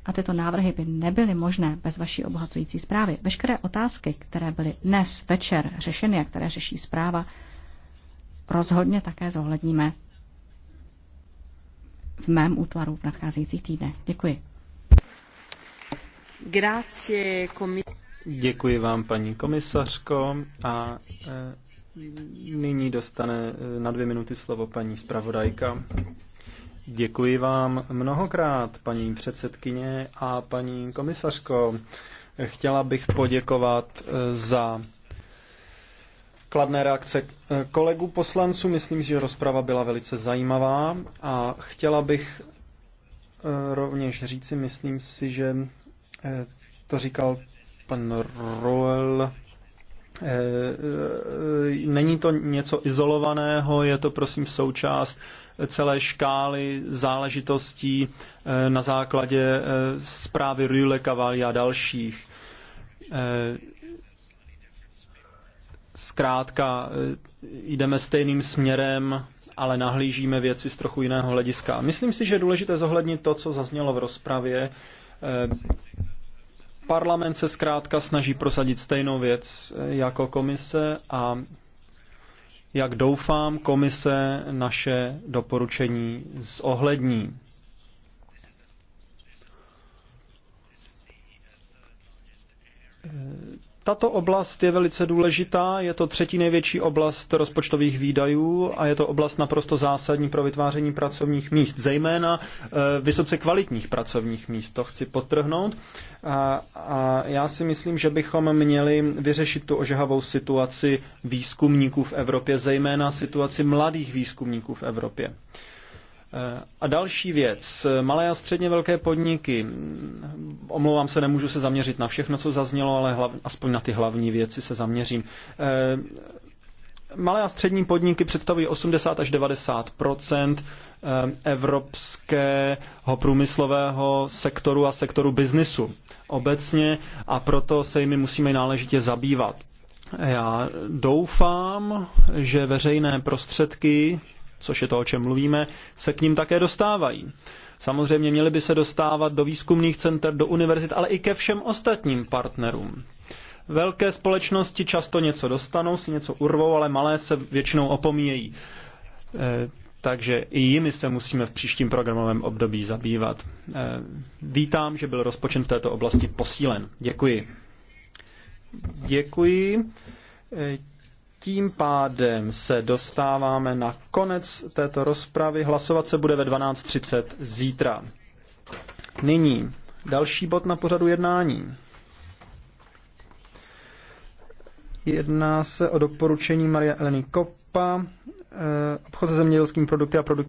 a tyto návrhy by nebyly možné bez vaší obohacující zprávy. Veškeré otázky, které byly dnes večer řešeny a které řeší zpráva, rozhodně také zohledníme v mém útvaru v nadcházejících týdnech. Děkuji. Děkuji vám, paní komisařko. A e, nyní dostane e, na dvě minuty slovo paní zpravodajka. Děkuji vám mnohokrát, paní předsedkyně a paní komisařko. Chtěla bych poděkovat eh, za kladné reakce eh, kolegů poslanců. Myslím, že rozprava byla velice zajímavá a chtěla bych eh, rovněž říci, myslím si, že to říkal pan Roel Eh, eh, není to něco izolovaného, je to prosím součást celé škály záležitostí eh, na základě zprávy Rüle, Cavalli a dalších. Zkrátka, jdeme stejným směrem, ale nahlížíme věci z trochu jiného hlediska. Myslím si, že je důležité zohlednit to, co zaznělo v rozpravě Parlament se zkrátka snaží prosadit stejnou věc eh, jako komise a jak doufám, komise naše doporučení zohlední. Eh, tato oblast je velice důležitá, je to třetí největší oblast rozpočtových výdajů a je to oblast naprosto zásadní pro vytváření pracovních míst, zejména eh, vysoce kvalitních pracovních míst, to chci potrhnout A, a já si myslím, že bychom měli vyřešit tu ožehavou situaci výzkumníků v Evropě, zejména situaci mladých výzkumníků v Evropě. Eh, a další věc, malé a středně velké podniky. Omlouvám se, nemůžu se zaměřit na všechno, co zaznělo, ale hlav, aspoň na ty hlavní věci se zaměřím. Eh, malé a střední podniky představují 80 až 90 eh, evropského průmyslového sektoru a sektoru biznisu obecně a proto se jimi musíme náležitě zabývat. Já doufám, že veřejné prostředky což je to, o čem mluvíme, se k ním také dostávají. Samozřejmě měli by se dostávat do výzkumných center, do univerzit, ale i ke všem ostatním partnerům. Velké společnosti často něco dostanou, si něco urvou, ale malé se většinou opomíjejí. E, takže i jimi se musíme v příštím programovém období zabývat. E, vítám, že byl rozpočet v této oblasti posílen. Děkuji. Děkuji. E, tím pádem se dostáváme na konec této rozpravy. Hlasovat se bude ve 12.30 zítra. Nyní další bod na pořadu jednání. Jedná se o doporučení Maria Eleny Kopa, eh, obchod se zemědělskými produkty a produkty